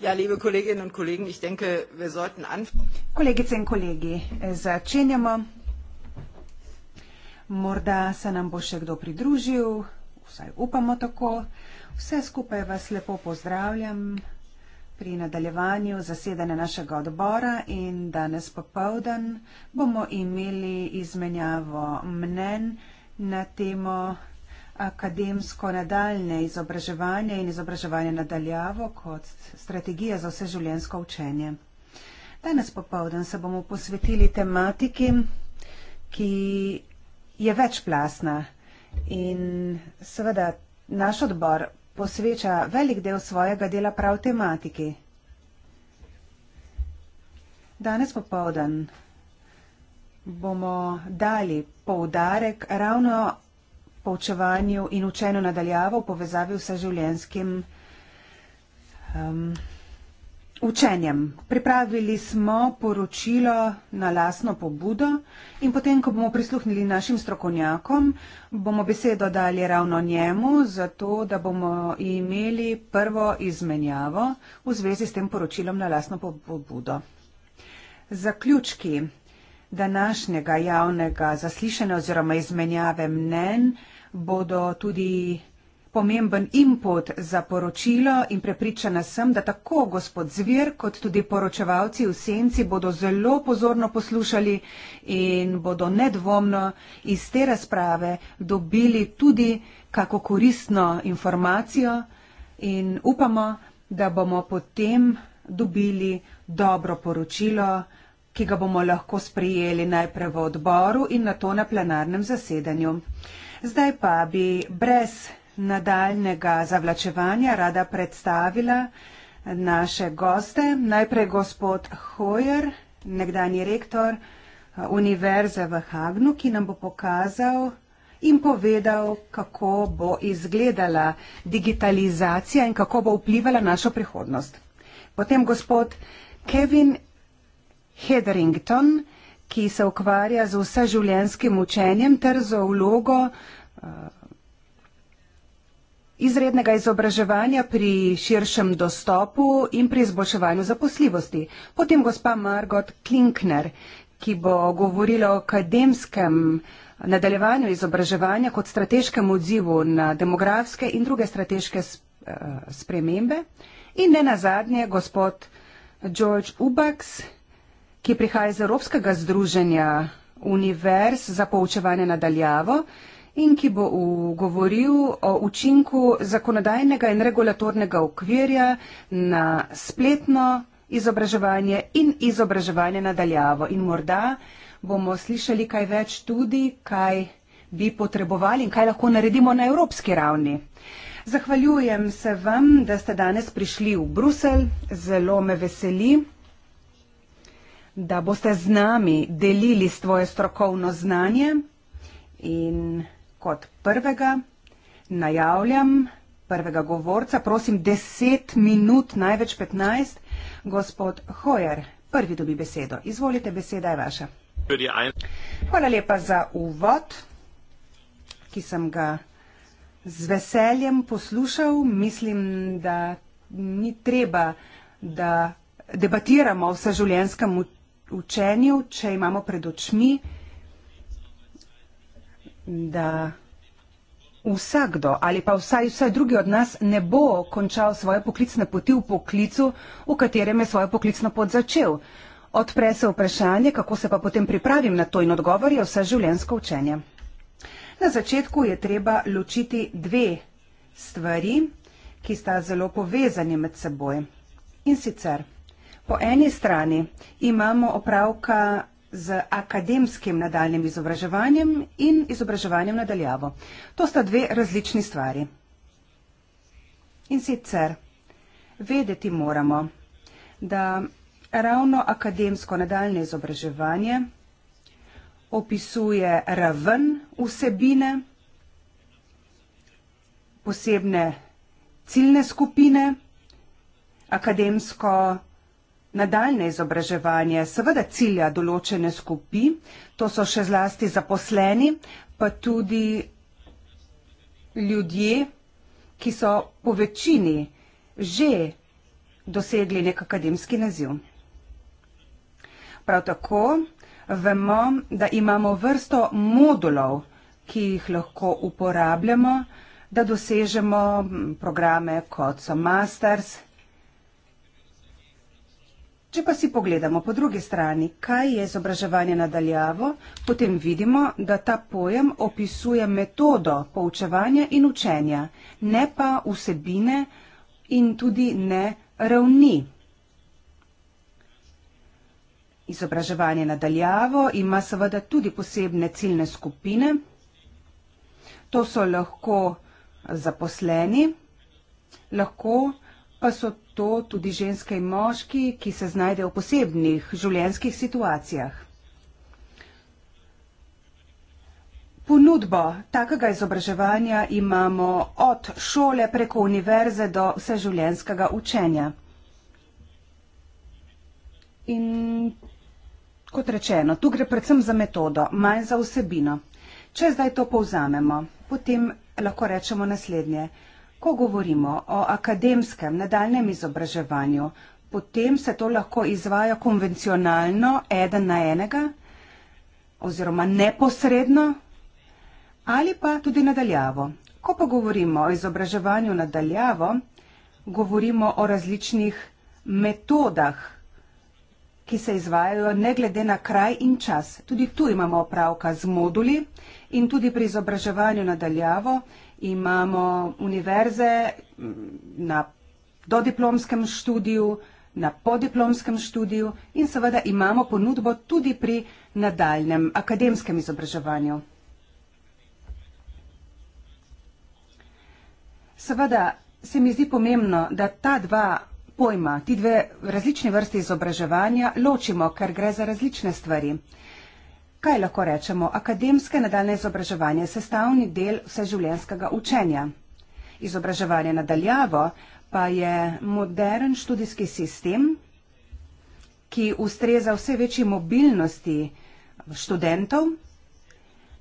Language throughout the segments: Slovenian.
Ja, Kolegice in kolegi, začenjamo. Morda se nam bo še kdo pridružil, vsaj upamo tako. Vse skupaj vas lepo pozdravljam pri nadaljevanju zasedanja našega odbora in danes popovdan bomo imeli izmenjavo mnen na temo akademsko nadaljne izobraževanje in izobraževanje nadaljavo kot strategija za vseživljenjsko učenje. Danes popovdan se bomo posvetili tematiki, ki je večplasna in seveda naš odbor posveča velik del svojega dela prav tematiki. Danes popovdan bomo dali poudarek ravno poučevanju in učenju nadaljavo v povezavi s življenskim um, učenjem. Pripravili smo poročilo na lasno pobudo in potem, ko bomo prisluhnili našim strokovnjakom, bomo besedo dali ravno njemu, zato da bomo imeli prvo izmenjavo v zvezi s tem poročilom na lasno pobudo. Zaključki današnjega javnega zaslišanja oziroma izmenjave mnen bodo tudi pomemben input za poročilo in prepričana sem, da tako gospod Zvir kot tudi poročevalci v senci bodo zelo pozorno poslušali in bodo nedvomno iz te razprave dobili tudi kako koristno informacijo in upamo, da bomo potem dobili dobro poročilo, ki ga bomo lahko sprejeli najprej v odboru in nato na plenarnem zasedanju. Zdaj pa bi brez nadaljnega zavlačevanja rada predstavila naše goste. Najprej gospod Hojer, nekdani rektor eh, Univerze v Hagnu, ki nam bo pokazal in povedal, kako bo izgledala digitalizacija in kako bo vplivala našo prihodnost. Potem gospod Kevin Hetherington, ki se ukvarja z vseživljenjskim učenjem ter z vlogo Eh, izrednega izobraževanja pri širšem dostopu in pri izboljševanju zaposljivosti. Potem gospa Margot Klinkner, ki bo govorila o akademskem nadaljevanju izobraževanja kot strateškem odzivu na demografske in druge strateške eh, spremembe. In ne nazadnje gospod George Ubaks, ki prihaja iz Evropskega združenja univerz za poučevanje nadaljavo, in ki bo govoril o učinku zakonodajnega in regulatornega okvirja na spletno izobraževanje in izobraževanje nadaljavo. In morda bomo slišali kaj več tudi, kaj bi potrebovali in kaj lahko naredimo na evropski ravni. Zahvaljujem se vam, da ste danes prišli v Bruselj. Zelo me veseli, da boste z nami delili svoje strokovno znanje in kot prvega. Najavljam prvega govorca, prosim, 10 minut, največ 15. Gospod Hojer, prvi dobi besedo. Izvolite, beseda je vaša. Hvala lepa za uvod, ki sem ga z veseljem poslušal. Mislim, da ni treba, da debatiramo o vseživljenskem učenju, če imamo pred očmi da vsakdo ali pa vsaj vsaj drugi od nas ne bo končal svoje poklicne poti v poklicu, v katerem je svojo poklicno pot začel. Odpre se vprašanje, kako se pa potem pripravim na to in odgovor je vse življensko učenje. Na začetku je treba ločiti dve stvari, ki sta zelo povezani med seboj. In sicer, po eni strani imamo opravka z akademskim nadaljnim izobraževanjem in izobraževanjem nadaljavo. To sta dve različni stvari. In sicer vedeti moramo, da ravno akademsko nadaljne izobraževanje opisuje raven vsebine, posebne ciljne skupine, akademsko Nadaljne izobraževanje seveda cilja določene skupine, to so še zlasti zaposleni, pa tudi ljudje, ki so po večini že dosegli nek akademski naziv. Prav tako vemo, da imamo vrsto modulov, ki jih lahko uporabljamo, da dosežemo programe kot so Masters, Če pa si pogledamo po drugi strani, kaj je izobraževanje nadaljavo, potem vidimo, da ta pojem opisuje metodo poučevanja in učenja, ne pa vsebine in tudi ne ravni. Izobraževanje nadaljavo ima seveda tudi posebne ciljne skupine. To so lahko zaposleni, lahko pa so to tudi ženske in moški, ki se znajdejo v posebnih življenjskih situacijah. Ponudbo takega izobraževanja imamo od šole preko univerze do vseživljenjskega učenja. In kot rečeno, tu gre predvsem za metodo, manj za vsebino. Če zdaj to povzamemo, potem lahko rečemo naslednje. Ko govorimo o akademskem nadaljem izobraževanju, potem se to lahko izvaja konvencionalno, eden na enega, oziroma neposredno, ali pa tudi nadaljavo. Ko pa govorimo o izobraževanju nadaljavo, govorimo o različnih metodah, ki se izvajajo ne glede na kraj in čas. Tudi tu imamo opravka z moduli in tudi pri izobraževanju nadaljavo imamo univerze na dodiplomskem študiju, na podiplomskem študiju in seveda imamo ponudbo tudi pri nadaljnem akademskem izobraževanju. Seveda se mi zdi pomembno, da ta dva pojma, ti dve različni vrsti izobraževanja ločimo, ker gre za različne stvari kaj lahko rečemo, akademske nadaljne izobraževanje je sestavni del vseživljenjskega učenja. Izobraževanje nadaljavo pa je modern študijski sistem, ki ustreza vse večji mobilnosti študentov.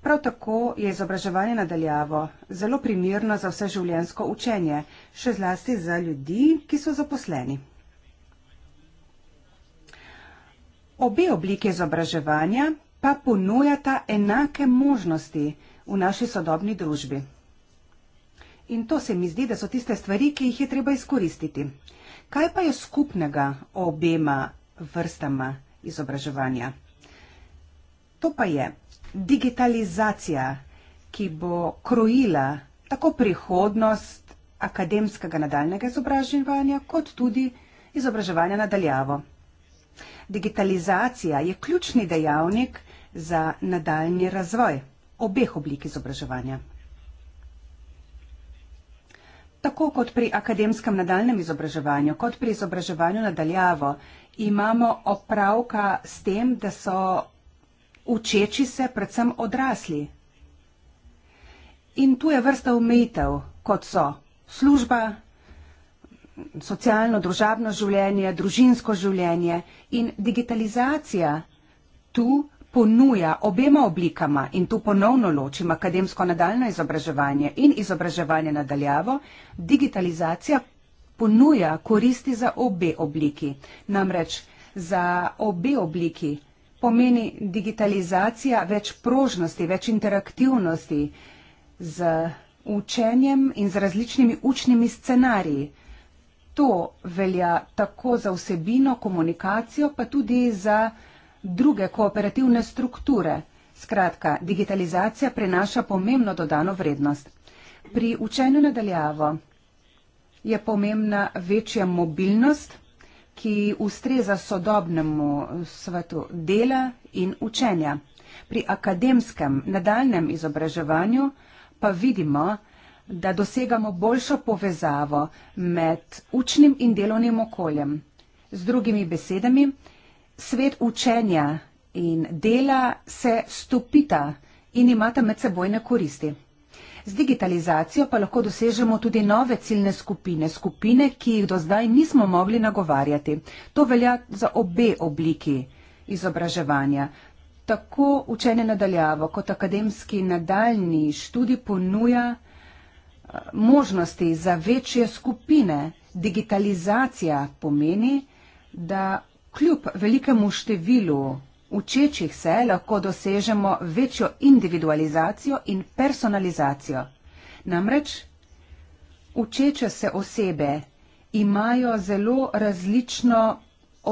Prav tako je izobraževanje nadaljavo zelo primirno za vseživljenjsko učenje, še zlasti za ljudi, ki so zaposleni. Obe oblike izobraževanja pa ponujata enake možnosti v naši sodobni družbi. In to se mi zdi, da so tiste stvari, ki jih je treba izkoristiti. Kaj pa je skupnega obema vrstama izobraževanja? To pa je digitalizacija, ki bo krojila tako prihodnost akademskega nadaljnega izobraževanja, kot tudi izobraževanja nadaljavo. Digitalizacija je ključni dejavnik za nadaljni razvoj obeh oblik izobraževanja. Tako kot pri akademskem nadaljnem izobraževanju, kot pri izobraževanju nadaljavo, imamo opravka s tem, da so učeči se predvsem odrasli. In tu je vrsta omejitev, kot so služba, socialno-družabno življenje, družinsko življenje in digitalizacija. Tu ponuja obema oblikama in tu ponovno ločim akademsko nadaljno izobraževanje in izobraževanje nadaljavo, digitalizacija ponuja koristi za obe obliki. Namreč za obe obliki pomeni digitalizacija več prožnosti, več interaktivnosti z učenjem in z različnimi učnimi scenariji. To velja tako za vsebino, komunikacijo, pa tudi za druge kooperativne strukture. Skratka, digitalizacija prenaša pomembno dodano vrednost. Pri učenju nadaljavo je pomembna večja mobilnost, ki ustreza sodobnemu svetu dela in učenja. Pri akademskem nadaljnem izobraževanju pa vidimo, da dosegamo boljšo povezavo med učnim in delovnim okoljem. Z drugimi besedami, svet učenja in dela se stopita in imata medsebojne koristi. Z digitalizacijo pa lahko dosežemo tudi nove ciljne skupine, skupine, ki jih do zdaj nismo mogli nagovarjati. To velja za obe obliki izobraževanja. Tako učenje nadaljavo kot akademski nadaljni študij ponuja eh, možnosti za večje skupine. Digitalizacija pomeni, da Kljub velikemu številu učečih se lahko dosežemo večjo individualizacijo in personalizacijo. Namreč učeče se osebe imajo zelo različno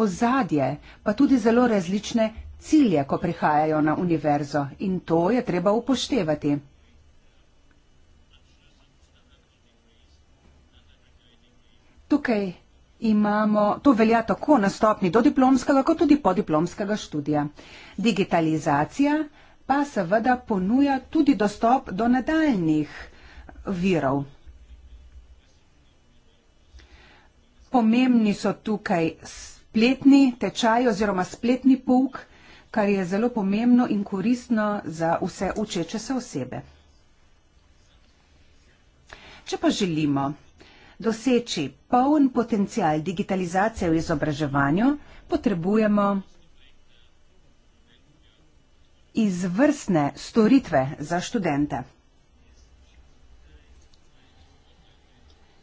ozadje, pa tudi zelo različne cilje, ko prihajajo na univerzo in to je treba upoštevati. Tukaj imamo, to velja tako na stopni do diplomskega, kot tudi po diplomskega študija. Digitalizacija pa seveda ponuja tudi dostop do nadaljnih virov. Pomembni so tukaj spletni tečaj oziroma spletni pouk, kar je zelo pomembno in koristno za vse učeče se osebe. Če pa želimo doseči poln potencial digitalizacije v izobraževanju, potrebujemo izvrstne storitve za študente.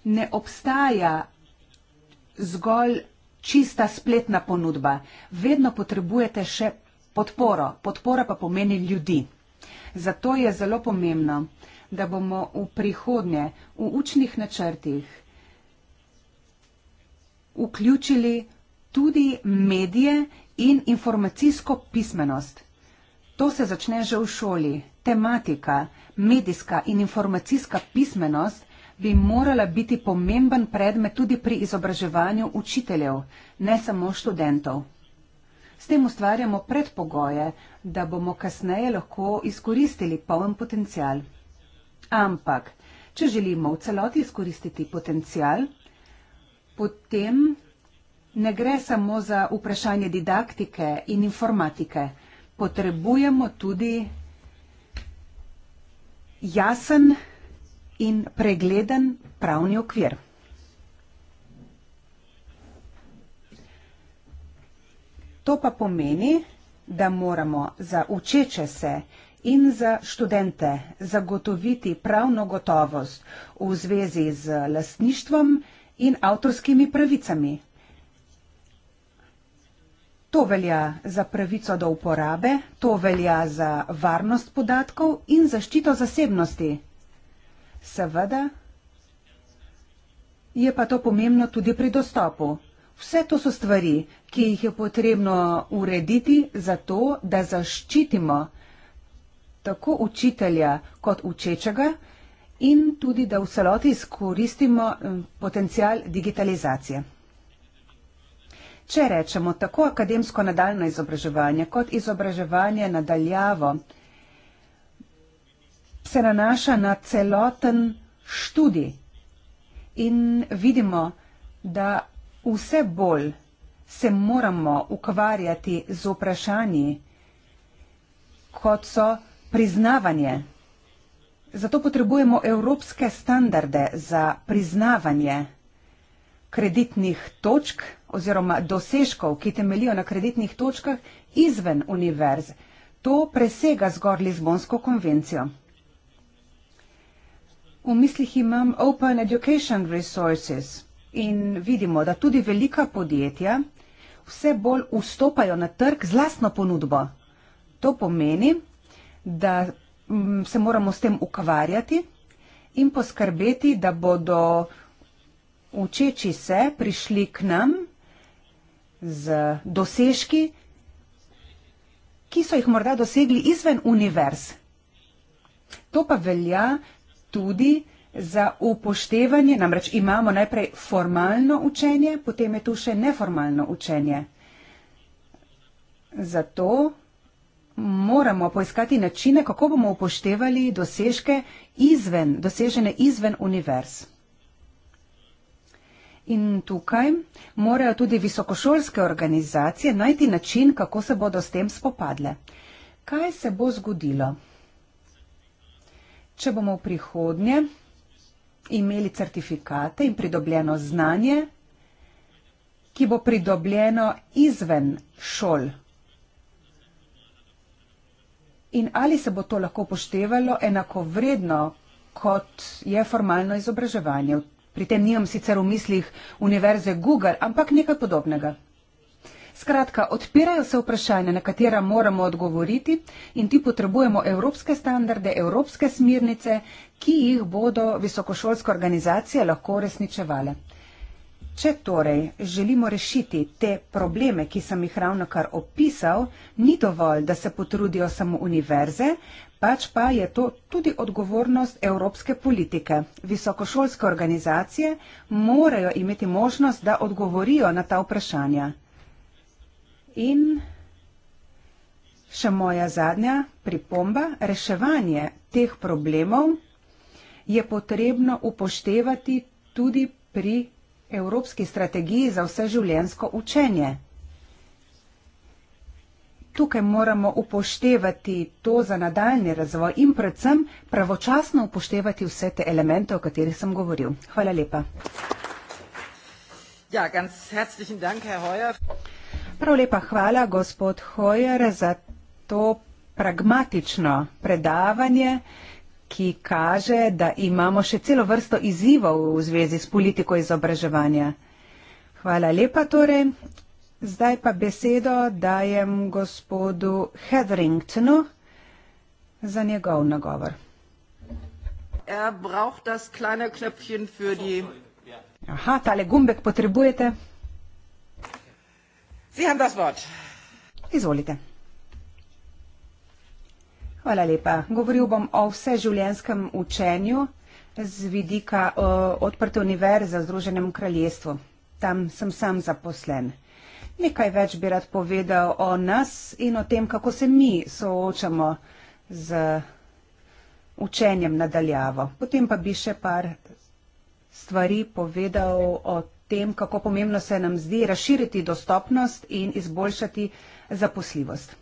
Ne obstaja zgolj čista spletna ponudba. Vedno potrebujete še podporo. Podpora pa pomeni ljudi. Zato je zelo pomembno, da bomo v prihodnje v učnih načrtih vključili tudi medije in informacijsko pismenost. To se začne že v šoli. Tematika, medijska in informacijska pismenost bi morala biti pomemben predmet tudi pri izobraževanju učiteljev, ne samo študentov. S tem ustvarjamo predpogoje, da bomo kasneje lahko izkoristili poln potencial. Ampak, če želimo v celoti izkoristiti potencial, potem ne gre samo za vprašanje didaktike in informatike. Potrebujemo tudi jasen in pregleden pravni okvir. To pa pomeni, da moramo za učeče se in za študente zagotoviti pravno gotovost v zvezi z lastništvom, in avtorskimi pravicami. To velja za pravico do uporabe, to velja za varnost podatkov in zaščito zasebnosti. Seveda je pa to pomembno tudi pri dostopu. Vse to so stvari, ki jih je potrebno urediti zato, da zaščitimo tako učitelja kot učečega, in tudi, da v celoti izkoristimo eh, potencial digitalizacije. Če rečemo tako akademsko nadaljno izobraževanje kot izobraževanje nadaljavo, se nanaša na celoten študij in vidimo, da vse bolj se moramo ukvarjati z vprašanji, kot so priznavanje Zato potrebujemo evropske standarde za priznavanje kreditnih točk oziroma dosežkov, ki temelijo na kreditnih točkah izven univerz. To presega zgor Lizbonsko konvencijo. V mislih imam Open Education Resources in vidimo, da tudi velika podjetja vse bolj vstopajo na trg z lastno ponudbo. To pomeni, da se moramo s tem ukvarjati in poskrbeti, da bodo učeči se prišli k nam z dosežki, ki so jih morda dosegli izven univerz. To pa velja tudi za upoštevanje, namreč imamo najprej formalno učenje, potem je tu še neformalno učenje. Zato moramo poiskati načine, kako bomo upoštevali dosežke izven, dosežene izven univerz. In tukaj morajo tudi visokošolske organizacije najti način, kako se bodo s tem spopadle. Kaj se bo zgodilo, če bomo v prihodnje imeli certifikate in pridobljeno znanje, ki bo pridobljeno izven šol? In ali se bo to lahko poštevalo enako vredno, kot je formalno izobraževanje? Pri tem nimam sicer v mislih univerze Google, ampak nekaj podobnega. Skratka, odpirajo se vprašanja, na katera moramo odgovoriti in ti potrebujemo evropske standarde, evropske smirnice, ki jih bodo visokošolske organizacije lahko uresničevale. Če torej želimo rešiti te probleme, ki sem jih ravno kar opisal, ni dovolj, da se potrudijo samo univerze, pač pa je to tudi odgovornost evropske politike. Visokošolske organizacije morajo imeti možnost, da odgovorijo na ta vprašanja. In še moja zadnja pripomba, reševanje teh problemov je potrebno upoštevati tudi pri. Evropski strategiji za vseživljensko učenje. Tukaj moramo upoštevati to za nadaljni razvoj in predvsem pravočasno upoštevati vse te elemente, o katerih sem govoril. Hvala lepa. Ja, ganz herzlichen Dank, Herr Hoyer. Prav lepa hvala, gospod Hoyer, za to pragmatično predavanje ki kaže, da imamo še celo vrsto izzivov v zvezi s politiko izobraževanja. Hvala lepa torej. Zdaj pa besedo dajem gospodu Hetheringtonu za njegov nagovor. Er ja. Aha, tale gumbek potrebujete. Izvolite. Hvala lepa. Govoril bom o vseživljenskem učenju z vidika odprte univerze v Združenem kraljestvu. Tam sem sam zaposlen. Nekaj več bi rad povedal o nas in o tem, kako se mi soočamo z učenjem nadaljavo. Potem pa bi še par stvari povedal o tem, kako pomembno se nam zdi razširiti dostopnost in izboljšati zaposljivost.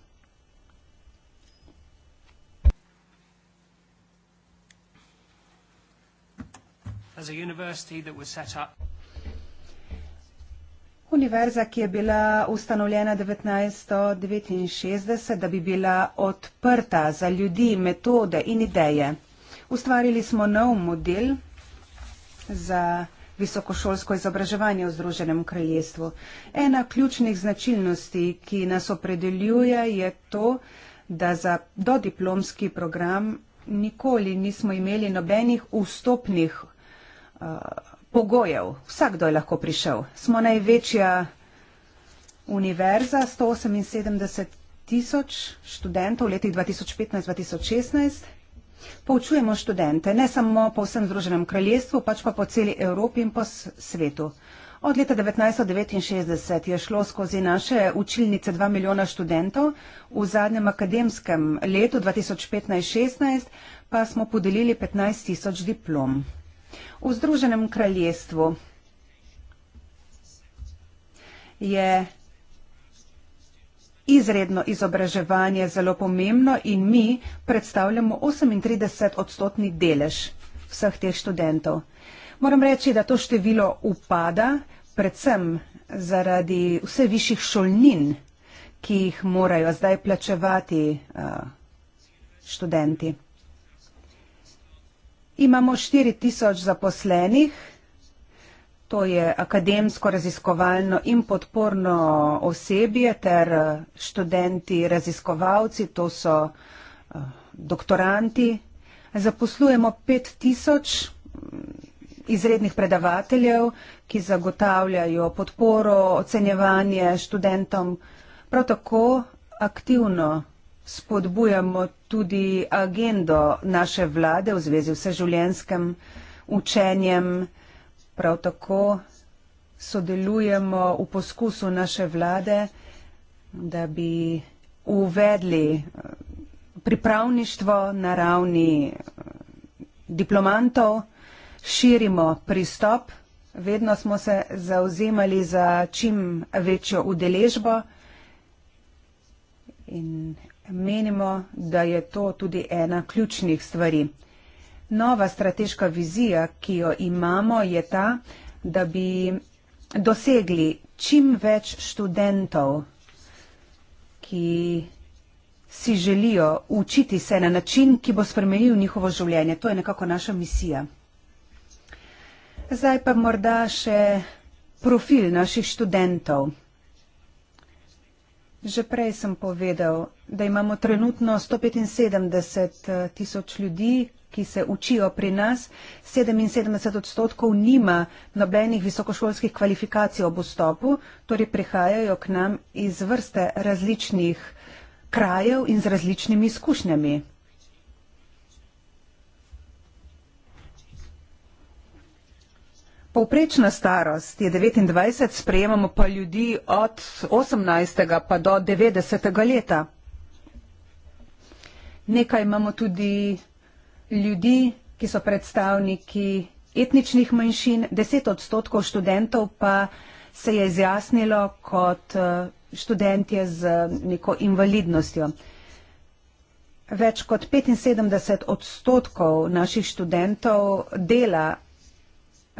as a university that was set up. Univerza, ki je bila ustanovljena 1969, da bi bila odprta za ljudi, metode in ideje. Ustvarili smo nov model za visokošolsko izobraževanje v Združenem kraljestvu. Ena ključnih značilnosti, ki nas opredeljuje, je to, da za dodiplomski program nikoli nismo imeli nobenih vstopnih. Eh, pogojev. Vsakdo je lahko prišel. Smo največja univerza, 178 tisoč študentov v letih 2015-2016. Poučujemo študente, ne samo po vsem Združenem kraljestvu, pač pa po celi Evropi in po svetu. Od leta 1969 je šlo skozi naše učilnice 2 milijona študentov, v zadnjem akademskem letu 2015-16 pa smo podelili 15 tisoč diplom. V Združenem kraljestvu je izredno izobraževanje zelo pomembno in mi predstavljamo 38 odstotni delež vseh teh študentov. Moram reči, da to število upada predvsem zaradi vse višjih šolnin, ki jih morajo zdaj plačevati uh, študenti. Imamo 4000 zaposlenih, to je akademsko, raziskovalno in podporno osebje ter eh, študenti, raziskovalci, to so eh, doktoranti. Zaposlujemo 5000 mm, izrednih predavateljev, ki zagotavljajo podporo, ocenjevanje študentom. Prav tako aktivno spodbujamo tudi agendo naše vlade v zvezi vse življenskem učenjem. Prav tako sodelujemo v poskusu naše vlade, da bi uvedli eh, pripravništvo na ravni eh, diplomantov, širimo pristop, vedno smo se zauzemali za čim večjo udeležbo in menimo, da je to tudi ena ključnih stvari. Nova strateška vizija, ki jo imamo, je ta, da bi dosegli čim več študentov, ki si želijo učiti se na način, ki bo spremenil njihovo življenje. To je nekako naša misija. Zdaj pa morda še profil naših študentov. Že prej sem povedal, da imamo trenutno 175 eh, tisoč ljudi, ki se učijo pri nas. 77 odstotkov nima nobenih visokošolskih kvalifikacij ob vstopu, torej prihajajo k nam iz vrste različnih krajev in z različnimi izkušnjami. Povprečna starost je 29, sprejemamo pa ljudi od 18. pa do 90. leta. Nekaj imamo tudi ljudi, ki so predstavniki etničnih manjšin. 10 odstotkov študentov pa se je izjasnilo kot eh, študentje z neko invalidnostjo. Več kot 75 odstotkov naših študentov dela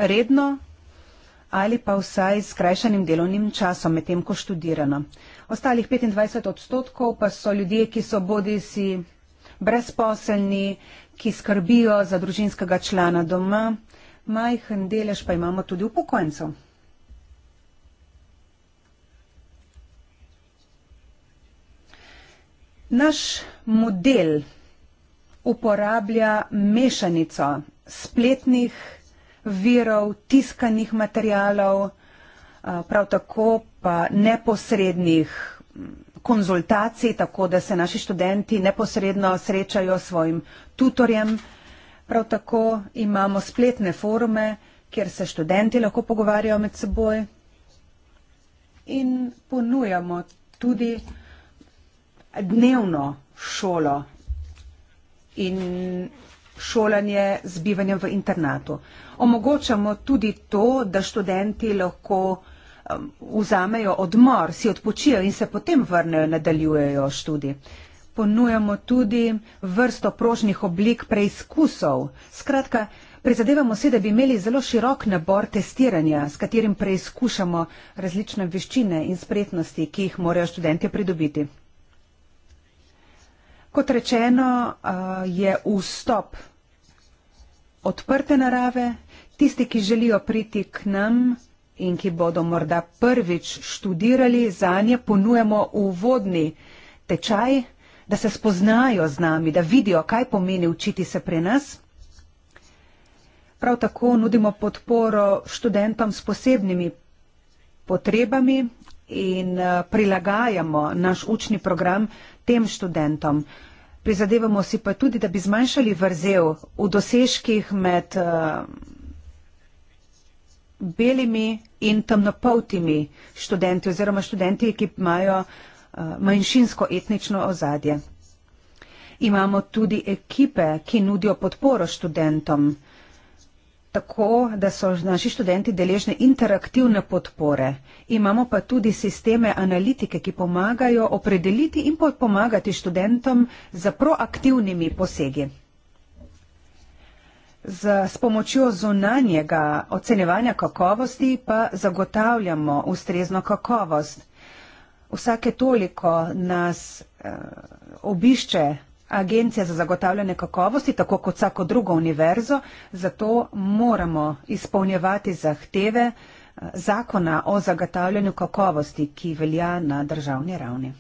redno ali pa vsaj s skrajšanim delovnim časom med tem, ko študirano. Ostalih 25 odstotkov pa so ljudje, ki so bodi si brezposelni, ki skrbijo za družinskega člana doma, majhen delež pa imamo tudi upokojencev. Naš model uporablja mešanico spletnih virov, tiskanih materialov, eh, prav tako pa neposrednih mm, konzultacij, tako da se naši študenti neposredno srečajo s svojim tutorjem. Prav tako imamo spletne forume, kjer se študenti lahko pogovarjajo med seboj in ponujamo tudi dnevno šolo. In šolanje z bivanjem v internatu. Omogočamo tudi to, da študenti lahko um, vzamejo odmor, si odpočijo in se potem vrnejo in nadaljujejo študij. Ponujamo tudi vrsto prožnih oblik preizkusov. Skratka, prizadevamo se, da bi imeli zelo širok nabor testiranja, s katerim preizkušamo različne veščine in spretnosti, ki jih morajo študenti pridobiti. Kot rečeno, uh, je vstop odprte narave, tisti, ki želijo priti k nam in ki bodo morda prvič študirali, za nje ponujemo uvodni tečaj, da se spoznajo z nami, da vidijo, kaj pomeni učiti se pri nas. Prav tako nudimo podporo študentom s posebnimi potrebami in eh, prilagajamo naš učni program tem študentom prizadevamo si pa tudi, da bi zmanjšali vrzel v dosežkih med uh, belimi in temnopoltimi študenti oziroma študenti, ki imajo uh, manjšinsko etnično ozadje. Imamo tudi ekipe, ki nudijo podporo študentom tako, da so naši študenti deležni interaktivne podpore. Imamo pa tudi sisteme analitike, ki pomagajo opredeliti in pomagati študentom za proaktivnimi posegi. Z, s pomočjo zunanjega ocenevanja kakovosti pa zagotavljamo ustrezno kakovost. Vsake toliko nas eh, obišče Agencija za zagotavljanje kakovosti, tako kot vsako drugo univerzo, zato moramo izpolnjevati zahteve eh, zakona o zagotavljanju kakovosti, ki velja na državni ravni.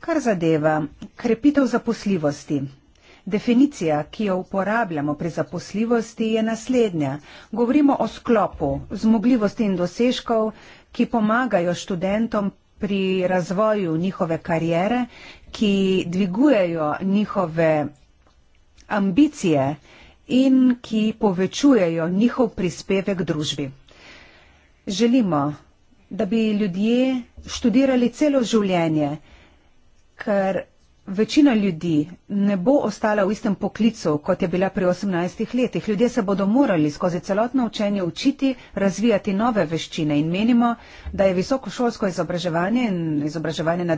Kar zadeva krepitev zaposljivosti. Definicija, ki jo uporabljamo pri zaposljivosti, je naslednja. Govorimo o sklopu zmogljivosti in dosežkov, ki pomagajo študentom pri razvoju njihove karijere, ki dvigujejo njihove ambicije in ki povečujejo njihov prispevek družbi. Želimo, da bi ljudje študirali celo življenje, ker Večina ljudi ne bo ostala v istem poklicu, kot je bila pri 18 letih. Ljudje se bodo morali skozi celotno učenje učiti, razvijati nove veščine in menimo, da je visokošolsko izobraževanje in izobraževanje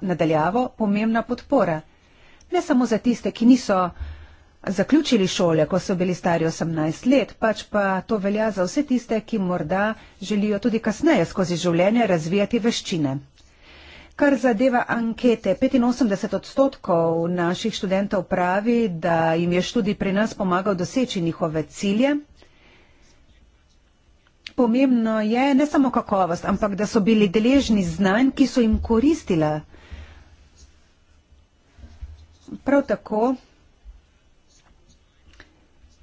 nadaljavo pomembna podpora. Ne samo za tiste, ki niso zaključili šole, ko so bili stari 18 let, pač pa to velja za vse tiste, ki morda želijo tudi kasneje skozi življenje razvijati veščine. Kar zadeva ankete, 85 odstotkov naših študentov pravi, da jim je študij pri nas pomagal doseči njihove cilje. Pomembno je ne samo kakovost, ampak da so bili deležni znanj, ki so jim koristila. Prav tako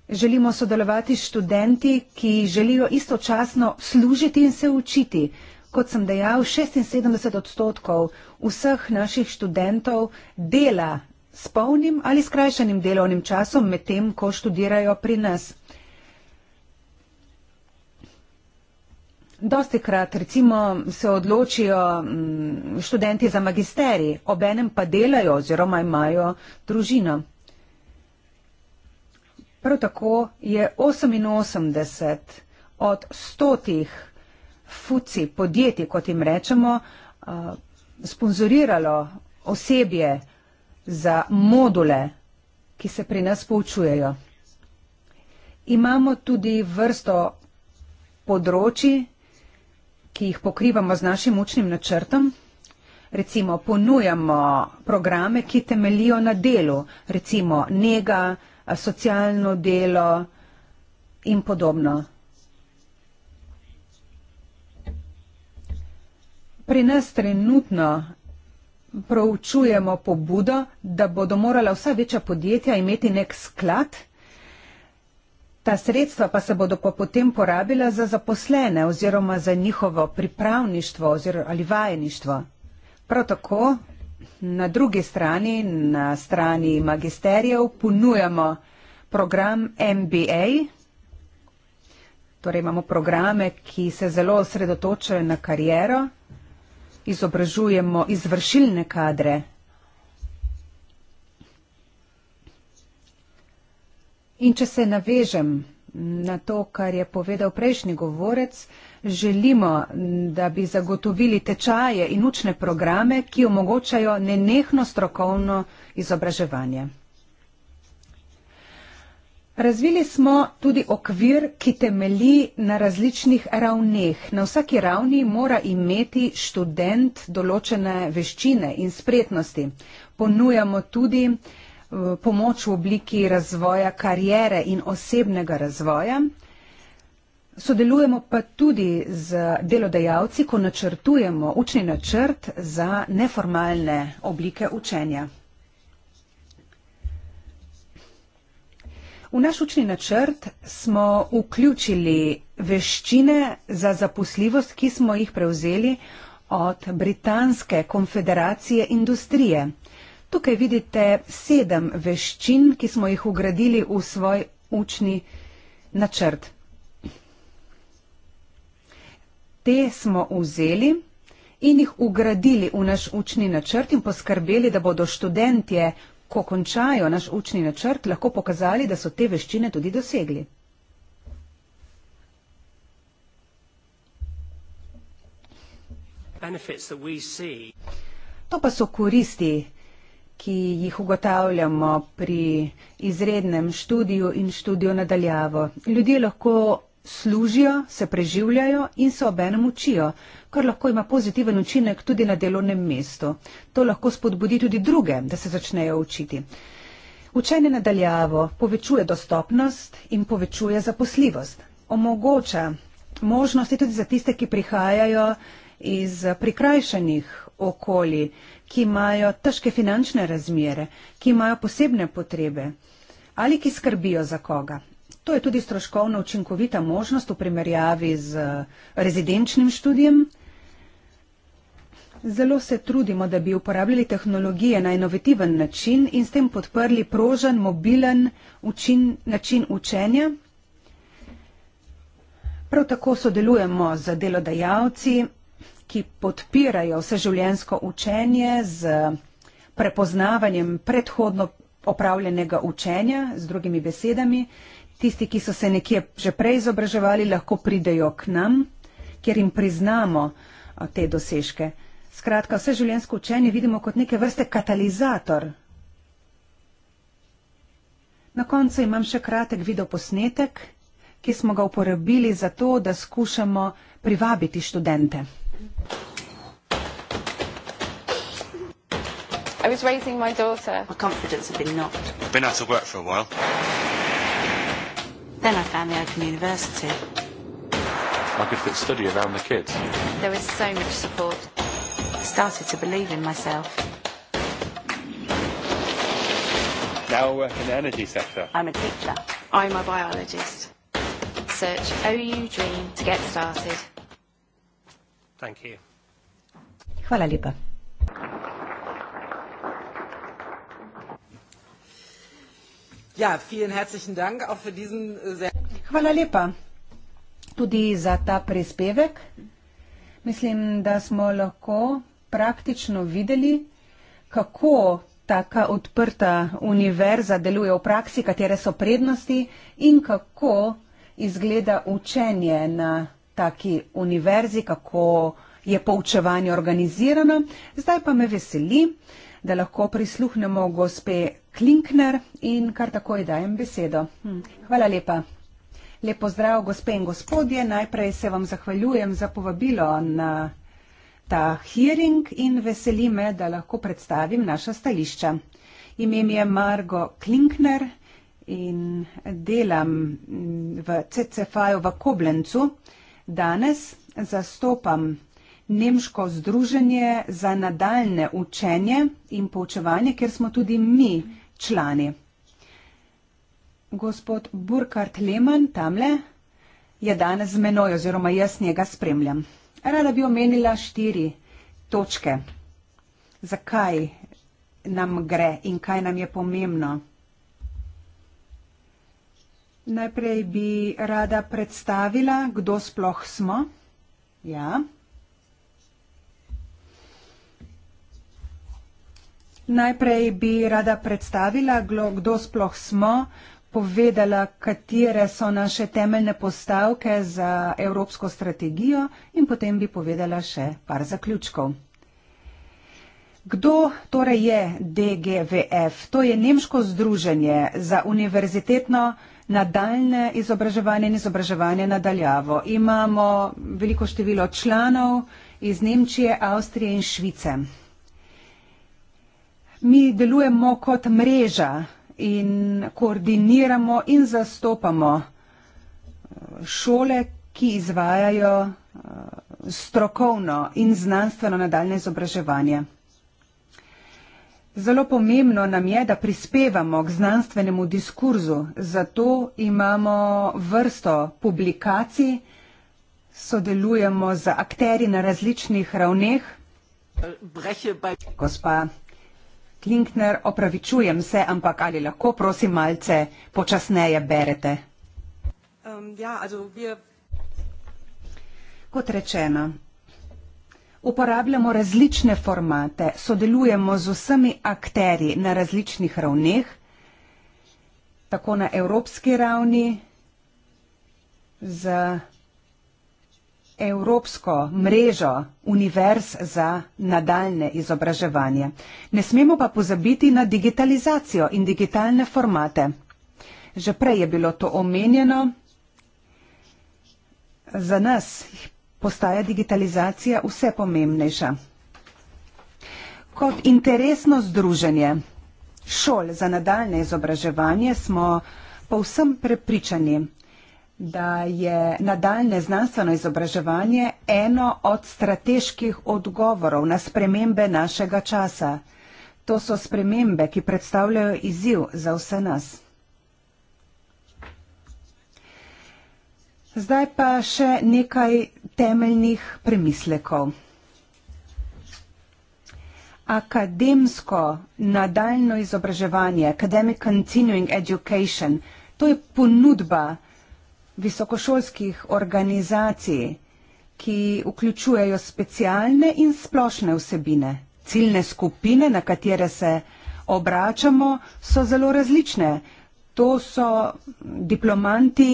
želimo sodelovati s študenti, ki želijo istočasno služiti in se učiti kot sem dejal, 76 odstotkov vseh naših študentov dela s polnim ali skrajšanim delovnim časom med tem, ko študirajo pri nas. Dosti krat recimo se odločijo mm, študenti za magisteri, obenem pa delajo oziroma imajo družino. Prav tako je 88 od stotih fuci, podjetji, kot jim rečemo, eh, sponzoriralo osebje za module, ki se pri nas poučujejo. Imamo tudi vrsto področji, ki jih pokrivamo z našim učnim načrtom. Recimo ponujamo programe, ki temelijo na delu, recimo nega, eh, socialno delo in podobno. pri nas trenutno proučujemo pobudo, da bodo morala vsa večja podjetja imeti nek sklad, ta sredstva pa se bodo pa potem porabila za zaposlene oziroma za njihovo pripravništvo oziroma ali vajeništvo. Prav tako na drugi strani, na strani magisterijev, ponujamo program MBA, torej imamo programe, ki se zelo osredotočajo na kariero izobražujemo izvršilne kadre. In če se navežem na to, kar je povedal prejšnji govorec, želimo, da bi zagotovili tečaje in učne programe, ki omogočajo nenehno strokovno izobraževanje. Razvili smo tudi okvir, ki temelji na različnih ravneh. Na vsaki ravni mora imeti študent določene veščine in spretnosti. Ponujamo tudi eh, pomoč v obliki razvoja karijere in osebnega razvoja. Sodelujemo pa tudi z delodajalci, ko načrtujemo učni načrt za neformalne oblike učenja. V naš učni načrt smo vključili veščine za zaposljivost, ki smo jih prevzeli od Britanske konfederacije industrije. Tukaj vidite sedem veščin, ki smo jih ugradili v svoj učni načrt. Te smo vzeli in jih ugradili v naš učni načrt in poskrbeli, da bodo študentje ko končajo naš učni načrt, lahko pokazali, da so te veščine tudi dosegli. To pa so koristi, ki jih ugotavljamo pri izrednem študiju in študiju nadaljavo. Ljudje lahko služijo, se preživljajo in se obenem učijo, kar lahko ima pozitiven učinek tudi na delovnem mestu. To lahko spodbudi tudi druge, da se začnejo učiti. Učenje nadaljavo povečuje dostopnost in povečuje zaposljivost. Omogoča možnosti tudi za tiste, ki prihajajo iz prikrajšanih okoli, ki imajo težke finančne razmere, ki imajo posebne potrebe ali ki skrbijo za koga. To je tudi stroškovno učinkovita možnost v primerjavi z eh, rezidenčnim študijem. Zelo se trudimo, da bi uporabljali tehnologije na inovativen način in s tem podprli prožen, mobilen učin, način učenja. Prav tako sodelujemo z delodajalci, ki podpirajo vseživljensko učenje z prepoznavanjem predhodno opravljenega učenja, z drugimi besedami, Tisti, ki so se nekje že prej izobraževali, lahko pridejo k nam, kjer jim priznamo te dosežke. Skratka, vse življensko učenje vidimo kot neke vrste katalizator. Na koncu imam še kratek videoposnetek, ki smo ga uporabili za to, da skušamo privabiti študente. I was raising my daughter. My confidence had been knocked. Been out of work for a while. Then I found the Open University. I could fit study around the kids. There was so much support. I started to believe in myself. Now I work in the energy sector. I'm a teacher. I'm a biologist. Search OU Dream to get started. Thank you. Hvala lepa. Ja, vielen herzlichen Dank auch für diesen äh, sehr. Hvala lepa tudi za ta prispevek. Mislim, da smo lahko praktično videli, kako taka odprta univerza deluje v praksi, katere so prednosti in kako izgleda učenje na taki univerzi, kako je poučevanje organizirano. Zdaj pa me veseli, da lahko prisluhnemo gospe Klinkner in kar takoj dajem besedo. Hm, hvala lepa. Lepo zdrav, gospe in gospodje. Najprej se vam zahvaljujem za povabilo na ta hearing in veseli me, da lahko predstavim naša stališča. Ime mi je Margo Klinkner in delam hm, v CCF-ju v Koblencu. Danes zastopam Nemško združenje za nadaljne učenje in poučevanje, kjer smo tudi mi člani. Gospod Burkhard Lehmann, tamle, je danes z menoj oziroma jaz njega spremljam. Rada bi omenila štiri točke, zakaj nam gre in kaj nam je pomembno. Najprej bi rada predstavila, kdo sploh smo. Ja. Najprej bi rada predstavila, kdo sploh smo, povedala, katere so naše temeljne postavke za evropsko strategijo in potem bi povedala še par zaključkov. Kdo torej je DGVF? To je Nemško združenje za univerzitetno nadaljne izobraževanje in izobraževanje nadaljavo. Imamo veliko število članov iz Nemčije, Avstrije in Švice mi delujemo kot mreža in koordiniramo in zastopamo eh, šole, ki izvajajo eh, strokovno in znanstveno nadaljne izobraževanje. Zelo pomembno nam je, da prispevamo k znanstvenemu diskurzu, zato imamo vrsto publikacij, sodelujemo z akteri na različnih ravneh. Gospa Klinkner, opravičujem se, ampak ali lahko prosim malce počasneje berete? Um, ja, also wir... Kot rečeno, uporabljamo različne formate, sodelujemo z vsemi akterji na različnih ravneh, tako na evropski ravni, z evropsko mrežo univerz za nadaljne izobraževanje. Ne smemo pa pozabiti na digitalizacijo in digitalne formate. Že prej je bilo to omenjeno. Za nas postaja digitalizacija vse pomembnejša. Kot interesno združenje šol za nadaljne izobraževanje smo povsem prepričani, da je nadaljne znanstveno izobraževanje eno od strateških odgovorov na spremembe našega časa. To so spremembe, ki predstavljajo izziv za vse nas. Zdaj pa še nekaj temeljnih premislekov. Akademsko nadaljno izobraževanje, Academic Continuing Education, to je ponudba, visokošolskih organizacij, ki vključujejo specialne in splošne vsebine. Ciljne skupine, na katere se obračamo, so zelo različne. To so diplomanti,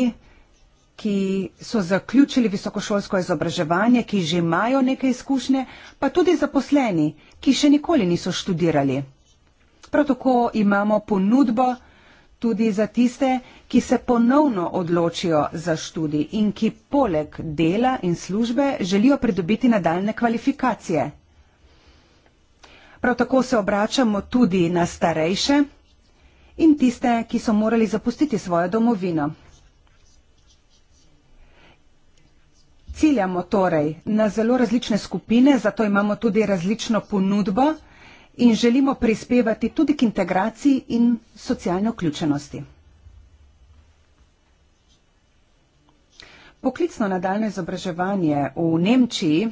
ki so zaključili visokošolsko izobraževanje, ki že imajo neke izkušnje, pa tudi zaposleni, ki še nikoli niso študirali. Prav tako imamo ponudbo tudi za tiste, ki se ponovno odločijo za študij in ki poleg dela in službe želijo pridobiti nadaljne kvalifikacije. Prav tako se obračamo tudi na starejše in tiste, ki so morali zapustiti svojo domovino. Ciljamo torej na zelo različne skupine, zato imamo tudi različno ponudbo in želimo prispevati tudi k integraciji in socialni vključenosti. Poklicno nadaljno izobraževanje v Nemčiji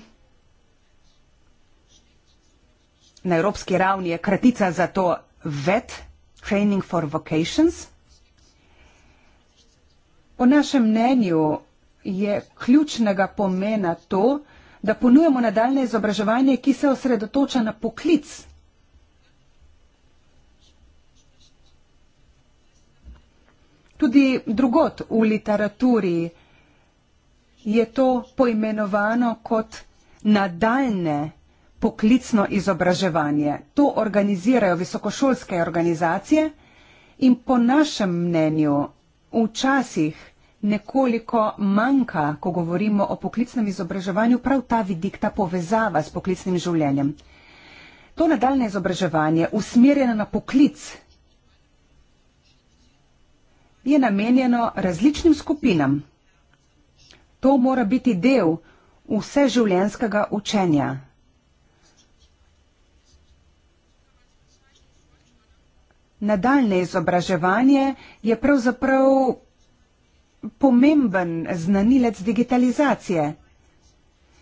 na evropski ravni je kratica za to VET, Training for Vocations. Po našem mnenju je ključnega pomena to, da ponujemo nadaljne izobraževanje, ki se osredotoča na poklic tudi drugot v literaturi je to poimenovano kot nadaljne poklicno izobraževanje. To organizirajo visokošolske organizacije in po našem mnenju včasih nekoliko manjka, ko govorimo o poklicnem izobraževanju, prav ta vidik, ta povezava s poklicnim življenjem. To nadaljne izobraževanje, usmerjeno na poklic, je namenjeno različnim skupinam. To mora biti del vseživljenjskega učenja. Nadaljne izobraževanje je pravzaprav pomemben znanilec digitalizacije.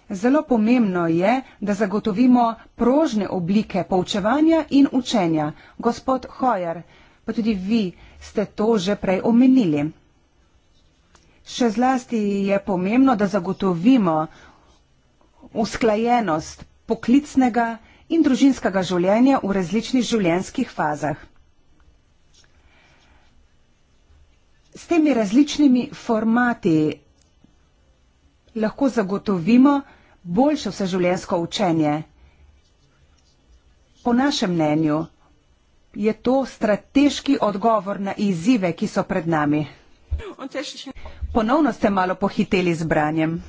Zelo pomembno je, da zagotovimo prožne oblike poučevanja in učenja. Gospod Hojer, pa tudi vi, ste to že prej omenili. Še zlasti je pomembno, da zagotovimo usklajenost poklicnega in družinskega življenja v različnih življenjskih fazah. S temi različnimi formati lahko zagotovimo boljše vseživljenjsko učenje. Po našem mnenju je to strateški odgovor na izzive, ki so pred nami. Ponovno ste malo pohiteli z branjem.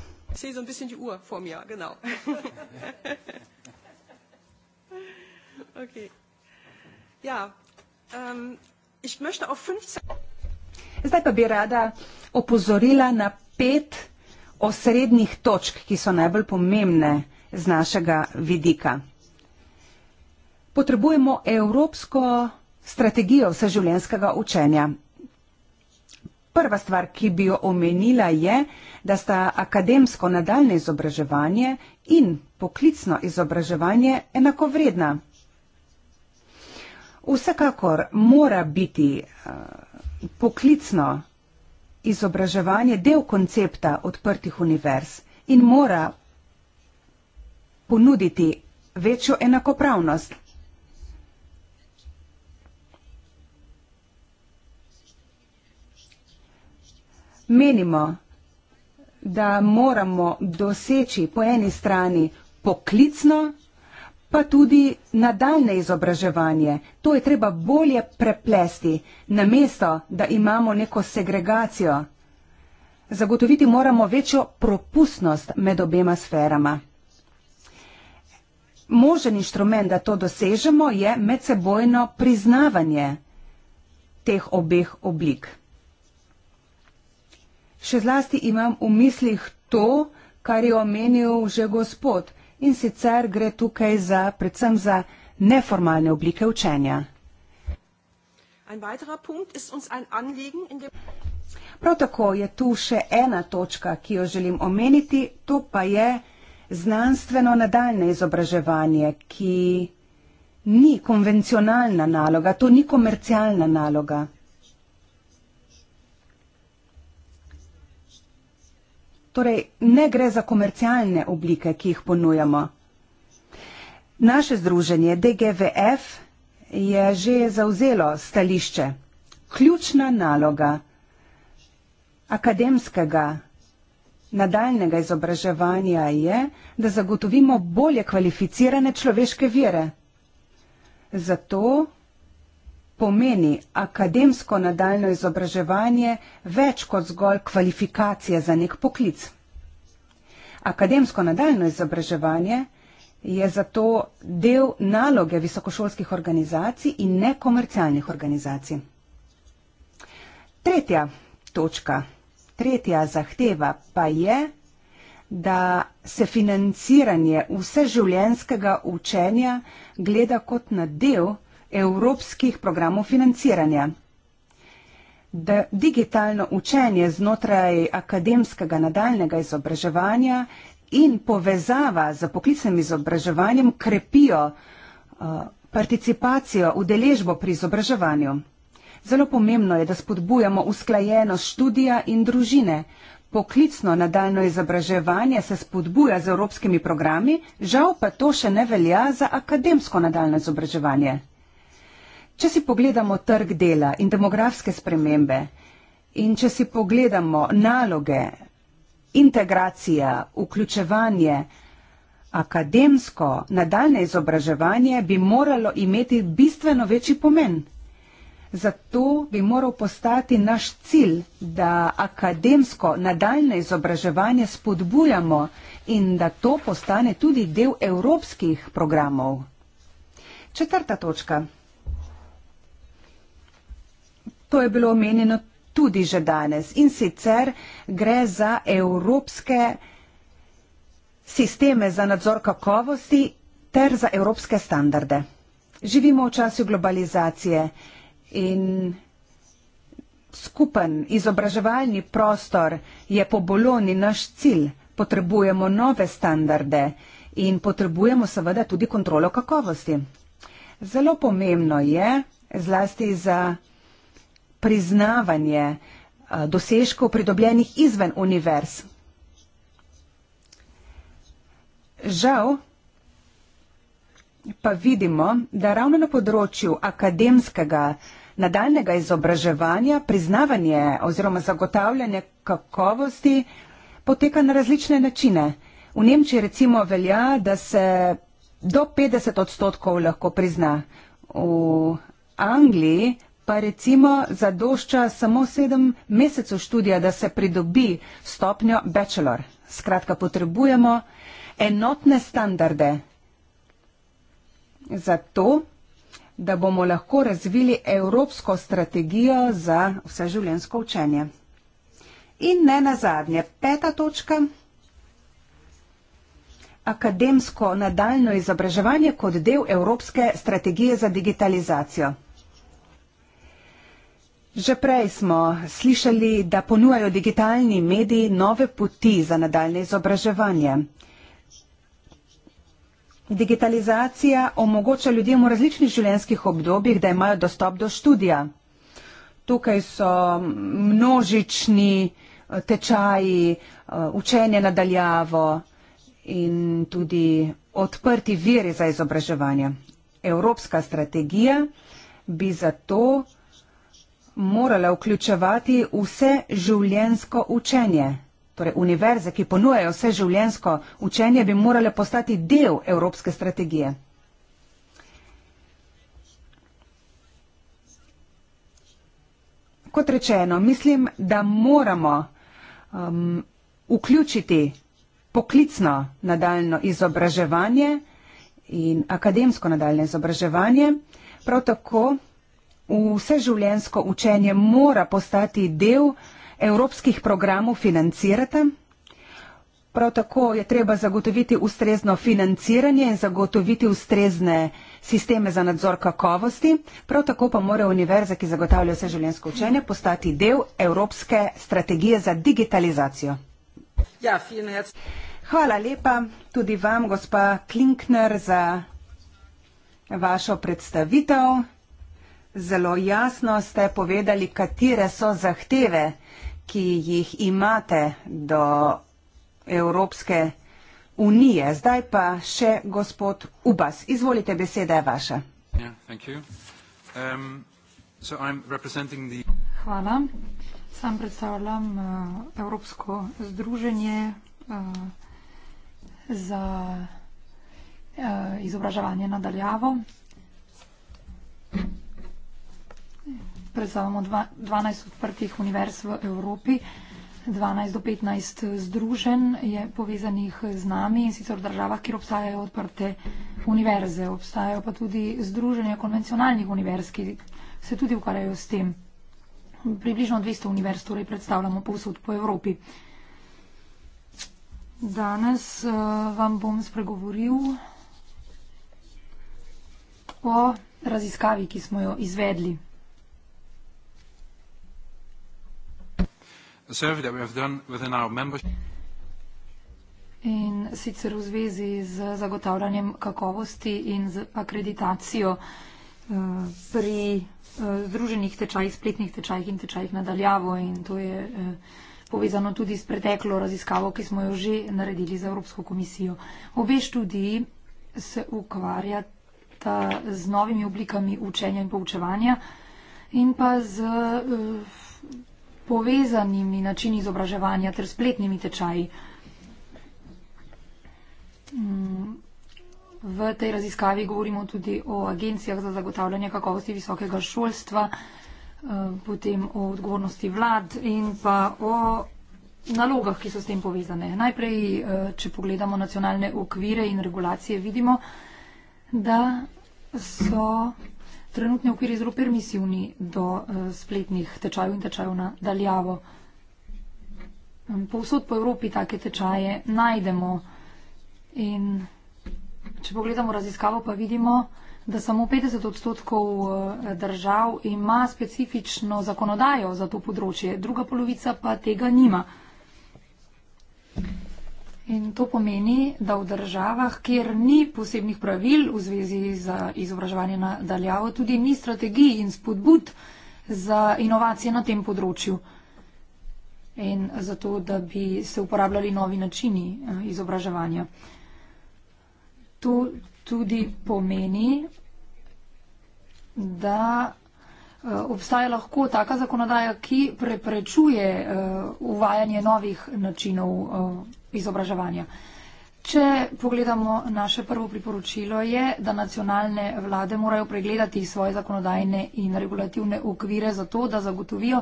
Ja, ja, ähm, Zdaj pa bi rada opozorila na pet osrednjih točk, ki so najbolj pomembne z našega vidika potrebujemo evropsko strategijo vseživljenjskega učenja. Prva stvar, ki bi jo omenila, je, da sta akademsko nadaljne izobraževanje in poklicno izobraževanje enakovredna. Vsekakor mora biti eh, poklicno izobraževanje del koncepta odprtih univerz in mora ponuditi večjo enakopravnost. menimo, da moramo doseči po eni strani poklicno, pa tudi nadaljne izobraževanje. To je treba bolje preplesti, namesto da imamo neko segregacijo. Zagotoviti moramo večjo propustnost med obema sferama. Možen inštrument, da to dosežemo, je medsebojno priznavanje teh obeh oblik. Še zlasti imam v mislih to, kar je omenil že gospod in sicer gre tukaj za, predvsem za neformalne oblike učenja. Prav tako je tu še ena točka, ki jo želim omeniti, to pa je znanstveno nadaljne izobraževanje, ki ni konvencionalna naloga, to ni komercialna naloga. Torej, ne gre za komercialne oblike, ki jih ponujamo. Naše združenje DGVF je že zauzelo stališče. Ključna naloga akademskega nadaljnega izobraževanja je, da zagotovimo bolje kvalificirane človeške vire. Zato pomeni akademsko nadaljno izobraževanje več kot zgolj kvalifikacije za nek poklic. Akademsko nadaljno izobraževanje je zato del naloge visokošolskih organizacij in nekomercialnih organizacij. Tretja točka, tretja zahteva pa je, da se financiranje vseživljenskega učenja gleda kot na del evropskih programov financiranja. Da digitalno učenje znotraj akademskega nadaljnega izobraževanja in povezava z poklicnim izobraževanjem krepijo uh, participacijo, udeležbo pri izobraževanju. Zelo pomembno je, da spodbujamo usklajenost študija in družine. Poklicno nadaljno izobraževanje se spodbuja z evropskimi programi, žal pa to še ne velja za akademsko nadaljno izobraževanje. Če si pogledamo trg dela in demografske spremembe in če si pogledamo naloge, integracija, vključevanje, akademsko, nadaljne izobraževanje bi moralo imeti bistveno večji pomen. Zato bi moral postati naš cilj, da akademsko nadaljne izobraževanje spodbujamo in da to postane tudi del evropskih programov. Četrta točka. To je bilo omenjeno tudi že danes in sicer gre za evropske sisteme za nadzor kakovosti ter za evropske standarde. Živimo v času globalizacije in skupen izobraževalni prostor je po boloni naš cilj. Potrebujemo nove standarde in potrebujemo seveda tudi kontrolo kakovosti. Zelo pomembno je, zlasti za priznavanje dosežkov pridobljenih izven univerz. Žal pa vidimo, da ravno na področju akademskega nadaljnega izobraževanja priznavanje oziroma zagotavljanje kakovosti poteka na različne načine. V Nemčiji recimo velja, da se do 50 odstotkov lahko prizna. V Angliji pa recimo zadošča samo sedem mesecev študija, da se pridobi stopnjo bachelor. Skratka, potrebujemo enotne standarde za to, da bomo lahko razvili evropsko strategijo za vseživljensko učenje. In ne nazadnje, peta točka. Akademsko nadaljno izobraževanje kot del Evropske strategije za digitalizacijo. Že prej smo slišali, da ponujajo digitalni mediji nove poti za nadaljne izobraževanje. Digitalizacija omogoča ljudem v različnih življenjskih obdobjih, da imajo dostop do študija. Tukaj so množični eh, tečaji, eh, učenje nadaljavo in tudi odprti viri za izobraževanje. Evropska strategija bi zato morala vključevati vse življensko učenje. Torej, univerze, ki ponujajo vse življensko učenje, bi morale postati del evropske strategije. Kot rečeno, mislim, da moramo um, vključiti poklicno nadaljno izobraževanje in akademsko nadaljno izobraževanje, prav tako vseživljenjsko učenje mora postati del evropskih programov financirate. Prav tako je treba zagotoviti ustrezno financiranje in zagotoviti ustrezne sisteme za nadzor kakovosti. Prav tako pa morajo univerze, ki zagotavljajo vseživljenjsko učenje, postati del evropske strategije za digitalizacijo. Ja, Hvala lepa tudi vam, gospa Klinkner, za vašo predstavitev. Zelo jasno ste povedali, katere so zahteve, ki jih imate do Evropske unije. Zdaj pa še gospod Ubas. Izvolite, beseda je vaša. Um, Hvala. Sam predstavljam uh, Evropsko združenje uh, za uh, izobraževanje nadaljavo predstavljamo 12 odprtih univerz v Evropi, 12 do 15 združen je povezanih z nami in sicer v državah, kjer obstajajo odprte univerze. Obstajajo pa tudi združenje konvencionalnih univerz, ki se tudi ukvarjajo s tem. Približno 200 univerz torej predstavljamo povsod po Evropi. Danes eh, vam bom spregovoril o raziskavi, ki smo jo izvedli. survey that we have done within our membership. In sicer v zvezi z zagotavljanjem kakovosti in z akreditacijo eh, pri eh, združenih tečajih, spletnih tečajih in tečajih nadaljavo in to je eh, povezano tudi s preteklo raziskavo, ki smo jo že naredili z Evropsko komisijo. Obe študiji se ukvarjata z novimi oblikami učenja in poučevanja in pa z uh, povezanimi načini izobraževanja ter spletnimi tečaji. Mm, v tej raziskavi govorimo tudi o agencijah za zagotavljanje kakovosti visokega šolstva, eh, potem o odgovornosti vlad in pa o nalogah, ki so s tem povezane. Najprej, eh, če pogledamo nacionalne okvire in regulacije, vidimo, da so trenutni okvir je zelo permisivni do uh, spletnih tečajev in tečajev na daljavo. Povsod po Evropi take tečaje najdemo in če pogledamo raziskavo, pa vidimo, da samo 50 odstotkov eh, držav ima specifično zakonodajo za to področje, druga polovica pa tega nima. In to pomeni, da v državah, kjer ni posebnih pravil v zvezi z izobraževanjem nadaljavo, tudi ni strategij in spodbud za inovacije na tem področju. In zato, da bi se uporabljali novi načini eh, izobraževanja. To tudi pomeni, da eh, obstaja lahko taka zakonodaja, ki preprečuje eh, uvajanje novih načinov izobraževanja. Če pogledamo naše prvo priporočilo, je, da nacionalne vlade morajo pregledati svoje zakonodajne in regulativne okvire za to, da zagotovijo,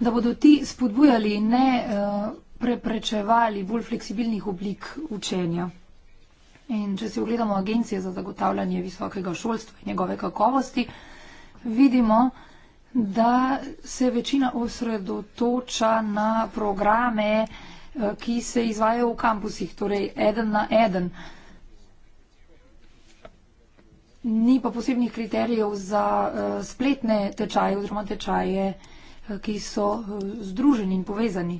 da bodo ti spodbujali in ne uh, preprečevali bolj fleksibilnih oblik učenja. In če si ogledamo agencije za zagotavljanje visokega šolstva in njegove kakovosti, vidimo, da se večina osredotoča na programe, uh, Eh, ki se izvajajo v kampusih, torej eden na eden. Ni pa posebnih kriterijev za eh, spletne tečaje oziroma tečaje, eh, ki so združeni in povezani.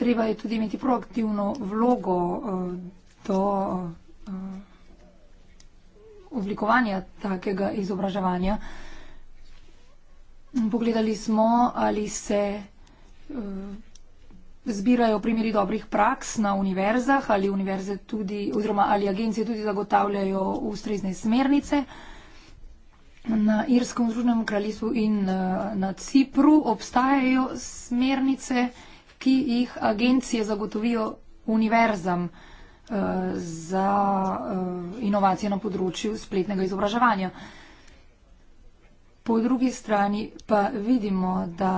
Treba je tudi imeti proaktivno vlogo do oblikovanja takega izobraževanja. Pogledali smo, ali se zbirajo primeri dobrih praks na univerzah ali univerze tudi, oziroma ali agencije tudi zagotavljajo ustrezne smernice. Na Irskem združnem kraljestvu in eh, na Cipru obstajajo smernice, ki jih agencije zagotovijo univerzam eh, za eh, inovacije na področju spletnega izobraževanja. Po drugi strani pa vidimo, da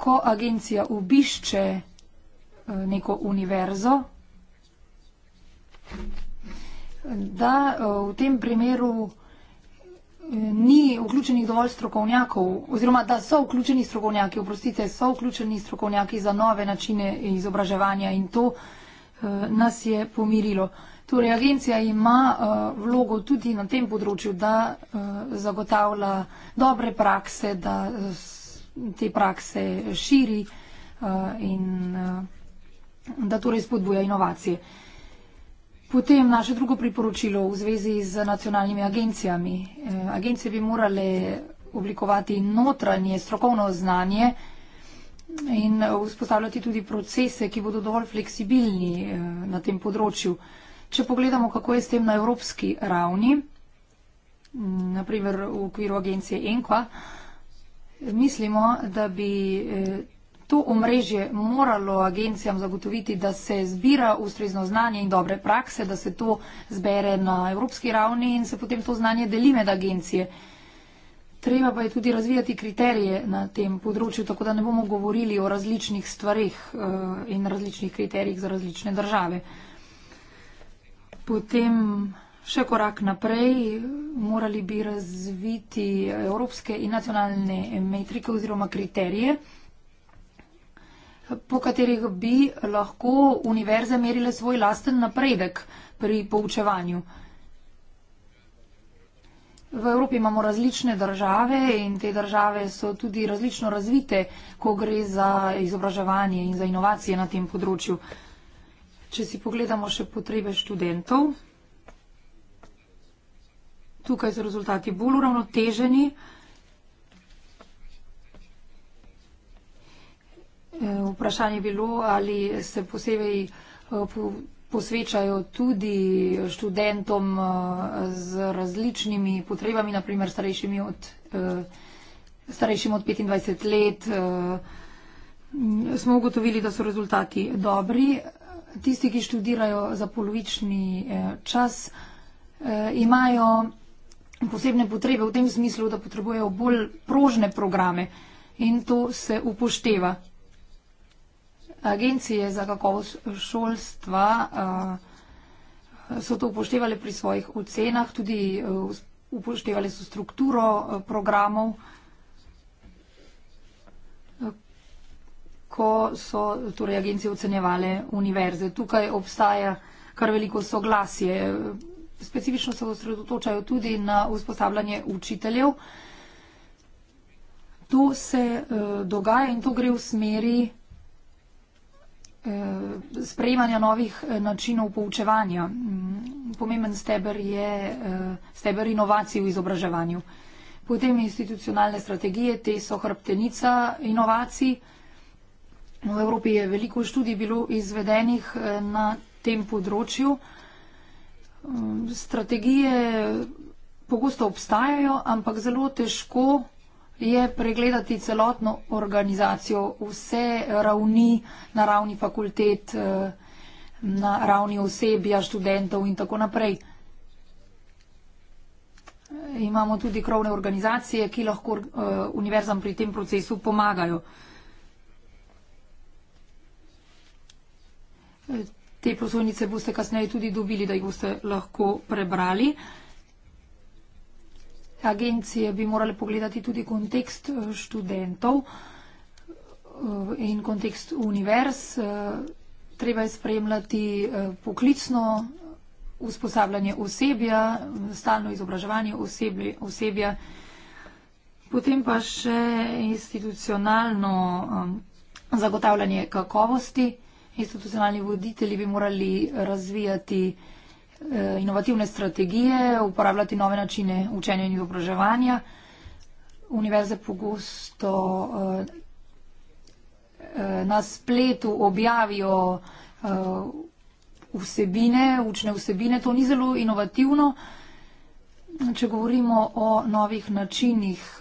ko agencija obišče eh, neko univerzo, da eh, v tem primeru eh, ni vključenih dovolj strokovnjakov, oziroma da so vključeni strokovnjaki, oprostite, so vključeni strokovnjaki za nove načine izobraževanja in to nas je pomirilo. Torej, agencija ima vlogo tudi na tem področju, da zagotavlja dobre prakse, da so te prakse širi eh, in eh, da torej spodbuja inovacije. Potem naše drugo priporočilo v zvezi z nacionalnimi agencijami. Eh, agencije bi morale oblikovati notranje strokovno znanje in vzpostavljati tudi procese, ki bodo dovolj fleksibilni na tem področju. Če pogledamo, kako je s tem na evropski ravni, naprimer v okviru agencije ENKA, mislimo, da bi eh, to omrežje moralo agencijam zagotoviti, da se zbira ustrezno znanje in dobre prakse, da se to zbere na evropski ravni in se potem to znanje deli med agencije. Treba pa je tudi razvijati kriterije na tem področju, tako da ne bomo govorili o različnih stvarih eh, in različnih kriterijih za različne države. Potem še korak naprej. Morali bi razviti evropske in nacionalne metrike oziroma kriterije, po katerih bi lahko univerze merile svoj lasten napredek pri poučevanju. V Evropi imamo različne države in te države so tudi različno razvite, ko gre za izobraževanje in za inovacije na tem področju. Če si pogledamo še potrebe študentov tukaj so rezultati bolj uravnoteženi. Eh, vprašanje je bilo, ali se posebej eh, posvečajo tudi študentom eh, z različnimi potrebami, naprimer starejšimi od, starejšim od 25 let. Smo ugotovili, da so rezultati dobri. Tisti, ki študirajo za polovični čas, imajo posebne potrebe v tem smislu, da potrebujejo bolj prožne programe in to se upošteva. Agencije za kakovost šolstva eh, so to upoštevali pri svojih ocenah, tudi eh, upoštevali so strukturo eh, programov, ko so torej, agencije ocenjevale univerze. Tukaj obstaja kar veliko soglasje specifično se osredotočajo tudi na usposabljanje učiteljev. To se eh, dogaja in to gre v smeri eh, sprejemanja novih eh, načinov poučevanja. Mm, pomemben steber je steber inovacij v izobraževanju. Potem institucionalne strategije, te so hrbtenica inovacij. V Evropi je veliko študij bilo izvedenih na tem področju. Um, strategije pogosto obstajajo, ampak zelo težko je pregledati celotno organizacijo, vse ravni na ravni fakultet, eh, na ravni osebja, študentov in tako naprej. Imamo tudi krovne organizacije, ki lahko eh, univerzam pri tem procesu pomagajo. Te prosojnice boste kasneje tudi dobili, da jih boste lahko prebrali. Agencije bi morale pogledati tudi kontekst eh, študentov eh, in kontekst univerz. Eh, treba je spremljati poklicno usposabljanje osebja, stalno izobraževanje osebja, potem pa še institucionalno zagotavljanje kakovosti institucionalni voditelji bi morali razvijati eh, inovativne strategije, uporabljati nove načine učenja in izobraževanja. Univerze pogosto eh, eh, na spletu objavijo vsebine, učne vsebine. To ni zelo inovativno. Če govorimo o novih načinih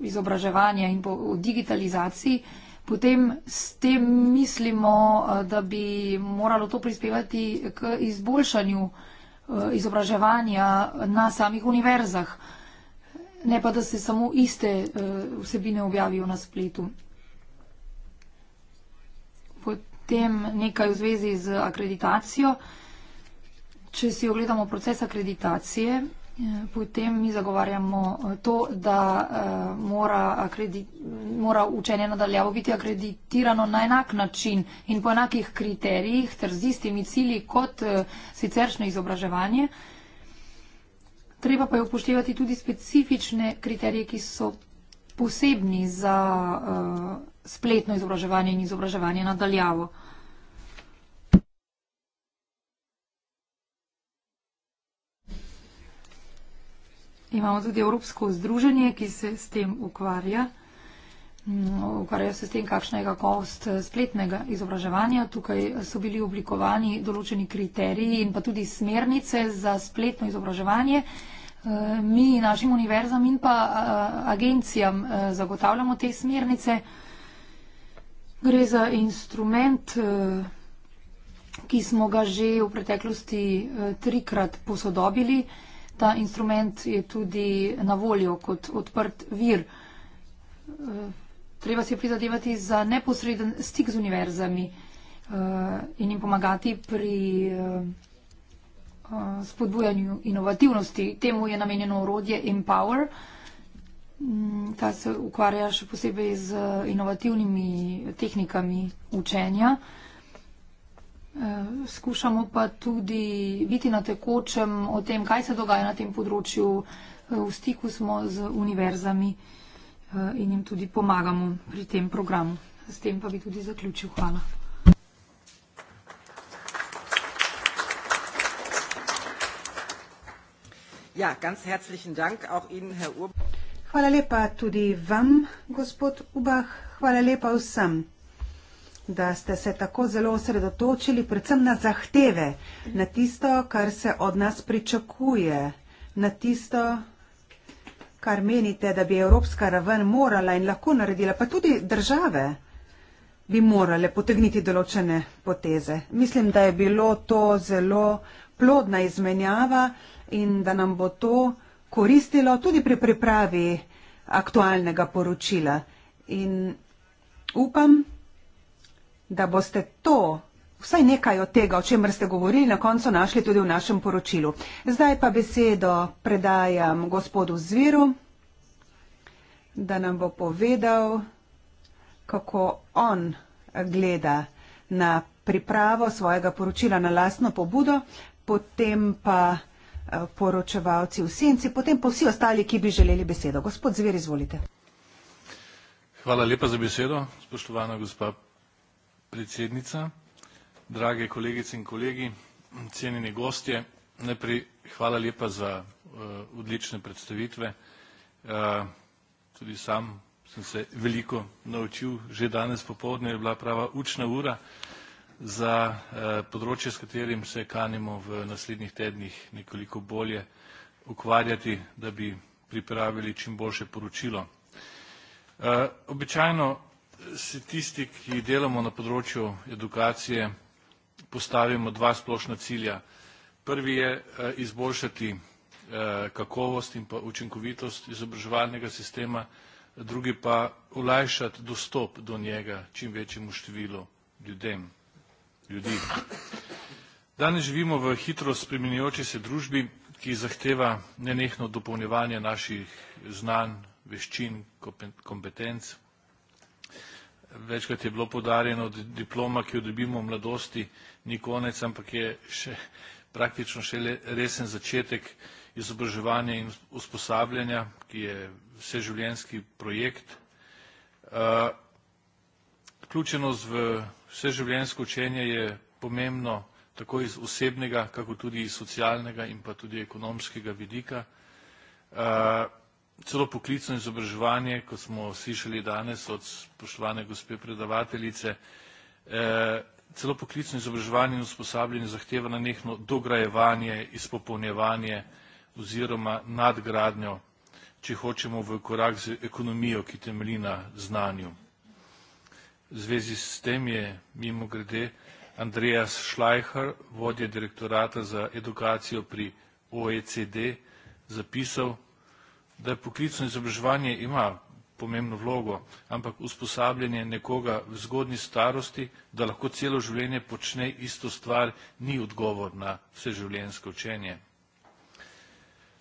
izobraževanja in o digitalizaciji, potem s tem mislimo, eh, da bi moralo to prispevati k izboljšanju eh, izobraževanja na samih univerzah, ne pa da se samo iste eh, vsebine objavijo na spletu. Potem nekaj v zvezi z akreditacijo. Če si ogledamo proces akreditacije, Ja, potem mi zagovarjamo eh, to, da eh, mora, mora učenje nadaljavo biti akreditirano na enak način in po enakih kriterijih ter z istimi cilji kot eh, siceršno izobraževanje. Treba pa je upoštevati tudi specifične kriterije, ki so posebni za spletno izobraževanje in izobraževanje nadaljavo. Imamo tudi Evropsko združenje, ki se s tem ukvarja. No, ukvarjajo se s tem, kakšna je kakovost eh, spletnega izobraževanja. Tukaj so bili oblikovani določeni kriteriji in pa tudi smernice za spletno izobraževanje. Eh, mi našim univerzam in pa eh, agencijam zagotavljamo te smernice. Gre za instrument, ki smo ga že v preteklosti trikrat posodobili ta instrument je tudi na voljo kot odprt vir. Eh, treba si prizadevati za neposreden stik z univerzami eh, in jim pomagati pri eh, spodbujanju inovativnosti. Temu je namenjeno orodje Empower. Mm, ta se ukvarja še posebej z inovativnimi tehnikami učenja. Eh, skušamo pa tudi biti na tekočem o tem, kaj se dogaja na tem področju. Eh, v stiku smo z univerzami eh, in jim tudi pomagamo pri tem programu. S tem pa bi tudi zaključil. Hvala. Ja, ganz herzlichen Dank auch Ihnen, Herr Urbach. Hvala lepa tudi vam, gospod Ubah. Hvala lepa vsem da ste se tako zelo osredotočili predvsem na zahteve, na tisto, kar se od nas pričakuje, na tisto, kar menite, da bi evropska raven morala in lahko naredila, pa tudi države bi morale potegniti določene poteze. Mislim, da je bilo to zelo plodna izmenjava in da nam bo to koristilo tudi pri pripravi aktualnega poročila. In upam, da boste to, vsaj nekaj od tega, o čemer ste govorili, na koncu našli tudi v našem poročilu. Zdaj pa besedo predajam gospodu Zviru, da nam bo povedal, kako on gleda na pripravo svojega poročila na lastno pobudo, potem pa eh, poročevalci v senci, potem pa vsi ostali, ki bi želeli besedo. Gospod Zver, izvolite. Hvala lepa za besedo, spoštovana gospa predsednica, drage kolegice in kolegi, cenjeni gostje. Najprej hvala lepa za eh, odlične predstavitve. Eh, tudi sam sem se veliko naučil, že danes popoldne je bila prava učna ura za eh, področje, s katerim se kanimo v naslednjih tednih nekoliko bolje ukvarjati, da bi pripravili čim boljše poročilo. Običajno si tisti, ki delamo na področju edukacije, postavimo dva splošna cilja. Prvi je eh, izboljšati eh, kakovost in pa učinkovitost izobraževalnega sistema, drugi pa olajšati dostop do njega čim večjemu številu ljudem, ljudi. Danes živimo v hitro spremenjajoči se družbi, ki zahteva nenehno dopolnjevanje naših znanj, veščin, kompetenc, večkrat je bilo podarjeno, diploma, ki jo dobimo v mladosti, ni konec, ampak je še, praktično še le, resen začetek izobraževanja in usposabljanja, ki je vseživljenski projekt. Uh, ključenost v vseživljenjsko učenje je pomembno tako iz osebnega, kako tudi iz socialnega in pa tudi ekonomskega vidika. Uh, celo poklicno izobraževanje, kot smo slišali danes od spoštovane gospe predavateljice, eh, celo poklicno izobraževanje in usposabljanje zahteva na nekno dograjevanje, izpopolnjevanje oziroma nadgradnjo, če hočemo v korak z ekonomijo, ki temelji na znanju. V zvezi s tem je mimo grede Andreas Schleicher, vodja direktorata za edukacijo pri OECD, zapisal, da poklicno izobraževanje ima pomembno vlogo, ampak usposabljanje nekoga v zgodni starosti, da lahko celo življenje počne isto stvar, ni odgovor na vseživljenjsko učenje.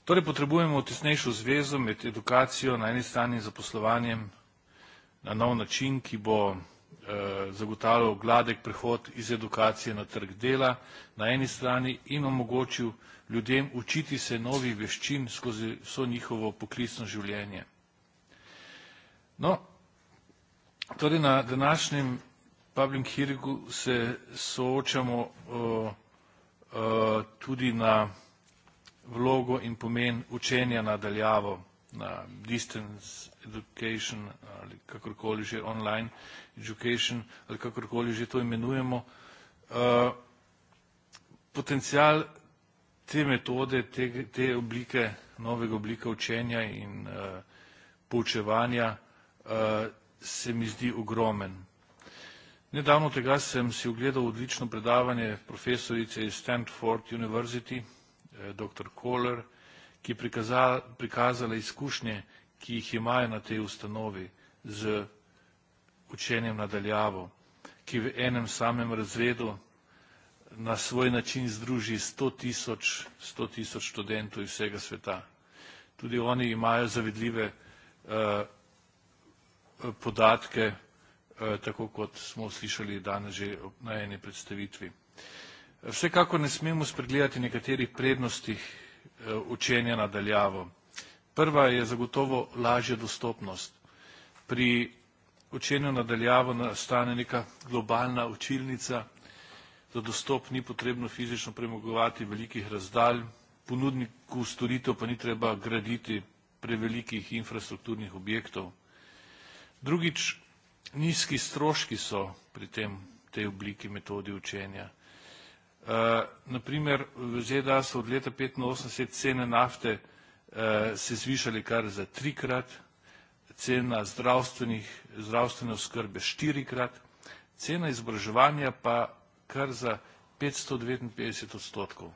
Torej potrebujemo tesnejšo zvezo med edukacijo na eni strani in zaposlovanjem na nov način, ki bo Eh, zagotavljal gladek prehod iz edukacije na trg dela na eni strani in omogočil ljudem učiti se novih veščin skozi vso njihovo poklicno življenje. No, torej na današnjem public hearingu se soočamo uh, uh, tudi na vlogo in pomen učenja nadaljavo na distance education ali kakorkoli že online education ali kakorkoli že to imenujemo. Eh, Potencijal te metode, te oblike, novega oblika učenja in eh, poučevanja eh, se mi zdi ogromen. Nedavno tega sem si ogledal odlično predavanje profesorice iz Stanford University, dr. Kohler, ki je prikazala izkušnje, ki jih imajo na tej ustanovi z učenjem nadaljavo, ki v enem samem razredu na svoj način združi 100 tisoč študentov iz vsega sveta. Tudi oni imajo zavedljive eh, podatke, eh, tako kot smo slišali danes že na eni predstavitvi. Vsekako ne smemo spregledati nekaterih prednostih eh, učenja nadaljavo. Prva je zagotovo lažja dostopnost. Pri učenju nadaljavo nastane neka globalna učilnica, za dostop ni potrebno fizično premogovati velikih razdalj, ponudniku storitev pa ni treba graditi prevelikih infrastrukturnih objektov. Drugič, nizki stroški so pri tem tej obliki metodi učenja. Eh, Naprimer, v ZDA so od leta 1985 cene nafte vsega, Eh, se zvišali kar za trikrat, cena zdravstvene oskrbe štirikrat, cena izobraževanja pa kar za 559 odstotkov.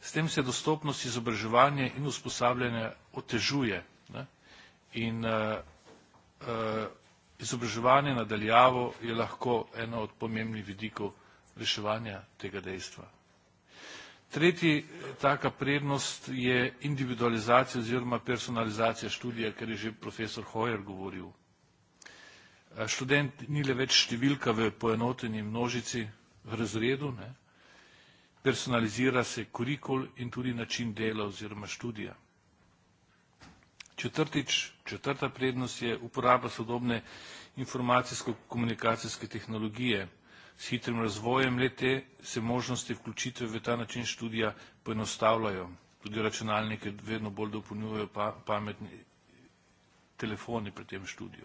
S tem se dostopnost izobraževanja in usposabljanja otežuje ne? in uh, uh, izobraževanje nadaljavo je lahko eno od pomembnih vidikov reševanja tega dejstva. Tretji eh, taka prednost je individualizacija oziroma personalizacija študija, ker je že profesor Hoyer govoril. Eh, študent ni le več številka v poenoteni množici v razredu, ne? personalizira se kurikul in tudi način dela oziroma študija. Četrtič, četrta prednost je uporaba sodobne informacijsko-komunikacijske tehnologije. S hitrim razvojem lete se možnosti vključitve v ta način študija poenostavljajo. Tudi računalnike vedno bolj dopolnjujejo pa, pametni telefoni pri tem študiju.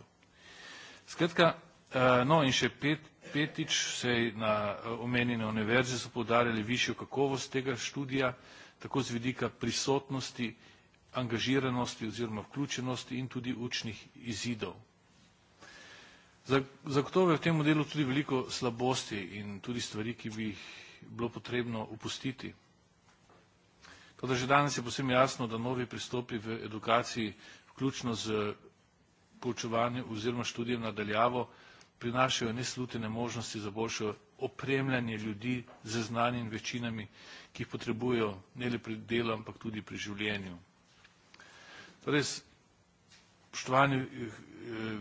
Skratka, eh, no in še pet, petič se je na eh, omenjene univerze so povdarjali višjo kakovost tega študija, tako z vidika prisotnosti, angažiranosti oziroma vključenosti in tudi učnih izidov. Zagotovo je v tem modelu tudi veliko slabosti in tudi stvari, ki bi jih bilo potrebno upustiti. Toda že danes je posebno jasno, da novi pristopi v edukaciji, vključno z poučevanjem oziroma študijem nadaljavo, prinašajo neslutene možnosti za boljše opremljanje ljudi z znanjem in večinami, ki jih potrebujejo ne le pri delu, ampak tudi pri življenju. Torej, Spoštovani, eh,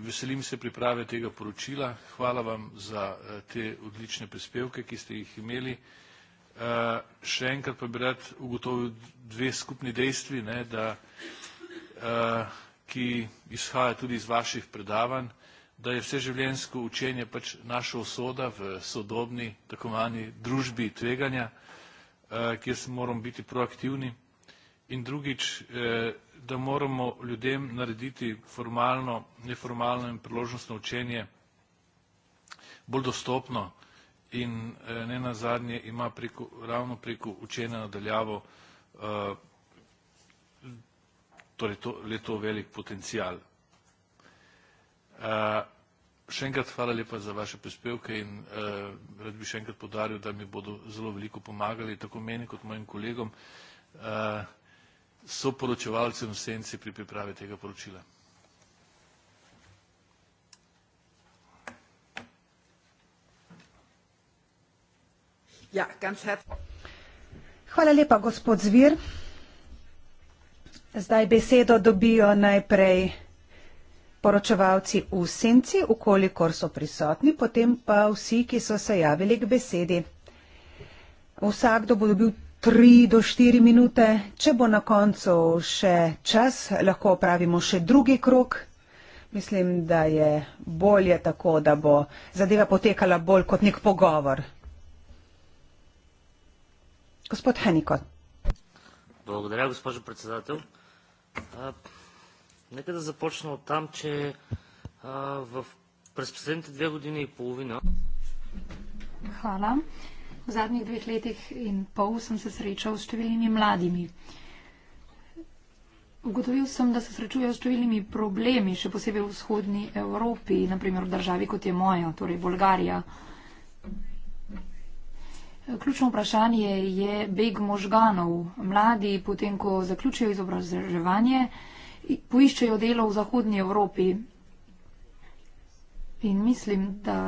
veselim se priprave tega poročila. Hvala vam za eh, te odlične prispevke, ki ste jih imeli. Eh, še enkrat pa bi rad ugotovil dve skupni dejstvi, ne, da, ki izhaja tudi iz vaših predavanj, da je vseživljenjsko učenje pač naša usoda v sodobni, tako imenovani družbi tveganja, kjer moramo biti proaktivni. In drugič, da moramo ljudem narediti formalno, neformalno in priložnostno učenje bolj dostopno in eh, ne nazadnje ima preko, ravno preko učenja nadaljavo eh, torej to, le to velik potencial. Eh, še enkrat hvala lepa za vaše prispevke in uh, rad bi še enkrat podaril, da mi bodo zelo veliko pomagali, tako meni kot mojim kolegom. Uh, soporočevalcem v senci pri pripravi tega poročila. Ja, ganz Hvala lepa, gospod Zvir. Zdaj besedo dobijo najprej poročevalci v senci, ukolikor so prisotni, potem pa vsi, ki so se javili k besedi. Vsakdo bo dobil tri do štiri minute. Če bo na koncu še čas, lahko opravimo še drugi krok. Mislim, da je bolje tako, da bo zadeva potekala bolj kot nek pogovor. Gospod Heniko. Благодаря, госпожо председател. А, нека да започна от там, че а, в, през последните две години и половина. Хвала v zadnjih dveh letih in pol sem se srečal s številnimi mladimi. Ugotovil sem, da se srečujejo s številnimi problemi, še posebej v vzhodni Evropi, naprimer v državi, kot je moja, torej Bolgarija. Ključno vprašanje je beg možganov. Mladi, potem ko zaključijo izobraževanje, poiščejo delo v zahodnji Evropi. In mislim, da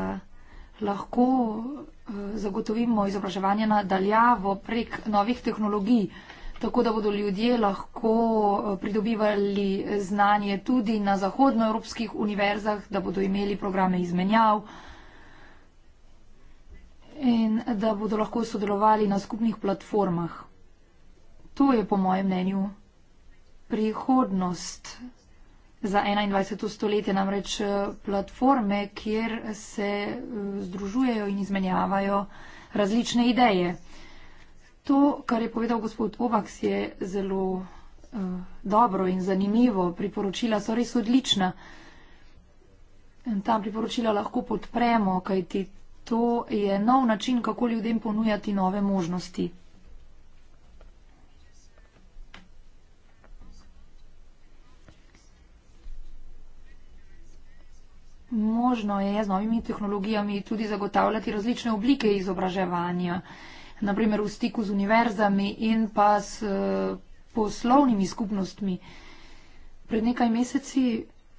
lahko zagotovimo izobraževanje nadaljavo prek novih tehnologij, tako da bodo ljudje lahko eh, pridobivali eh, znanje tudi na zahodnoevropskih univerzah, da bodo imeli programe izmenjav in da bodo lahko sodelovali na skupnih platformah. To je po mojem mnenju prihodnost za 21. stoletje, namreč eh, platforme, kjer se eh, združujejo in izmenjavajo različne ideje. To, kar je povedal gospod Ovaks, je zelo uh, dobro in zanimivo. Priporočila so res odlična. Ta priporočila lahko podpremo, kajti to je nov način, kako ljudem ponujati nove možnosti. možno je z novimi tehnologijami tudi zagotavljati različne oblike izobraževanja, naprimer v stiku z univerzami in pa s eh, poslovnimi skupnostmi. Pred nekaj meseci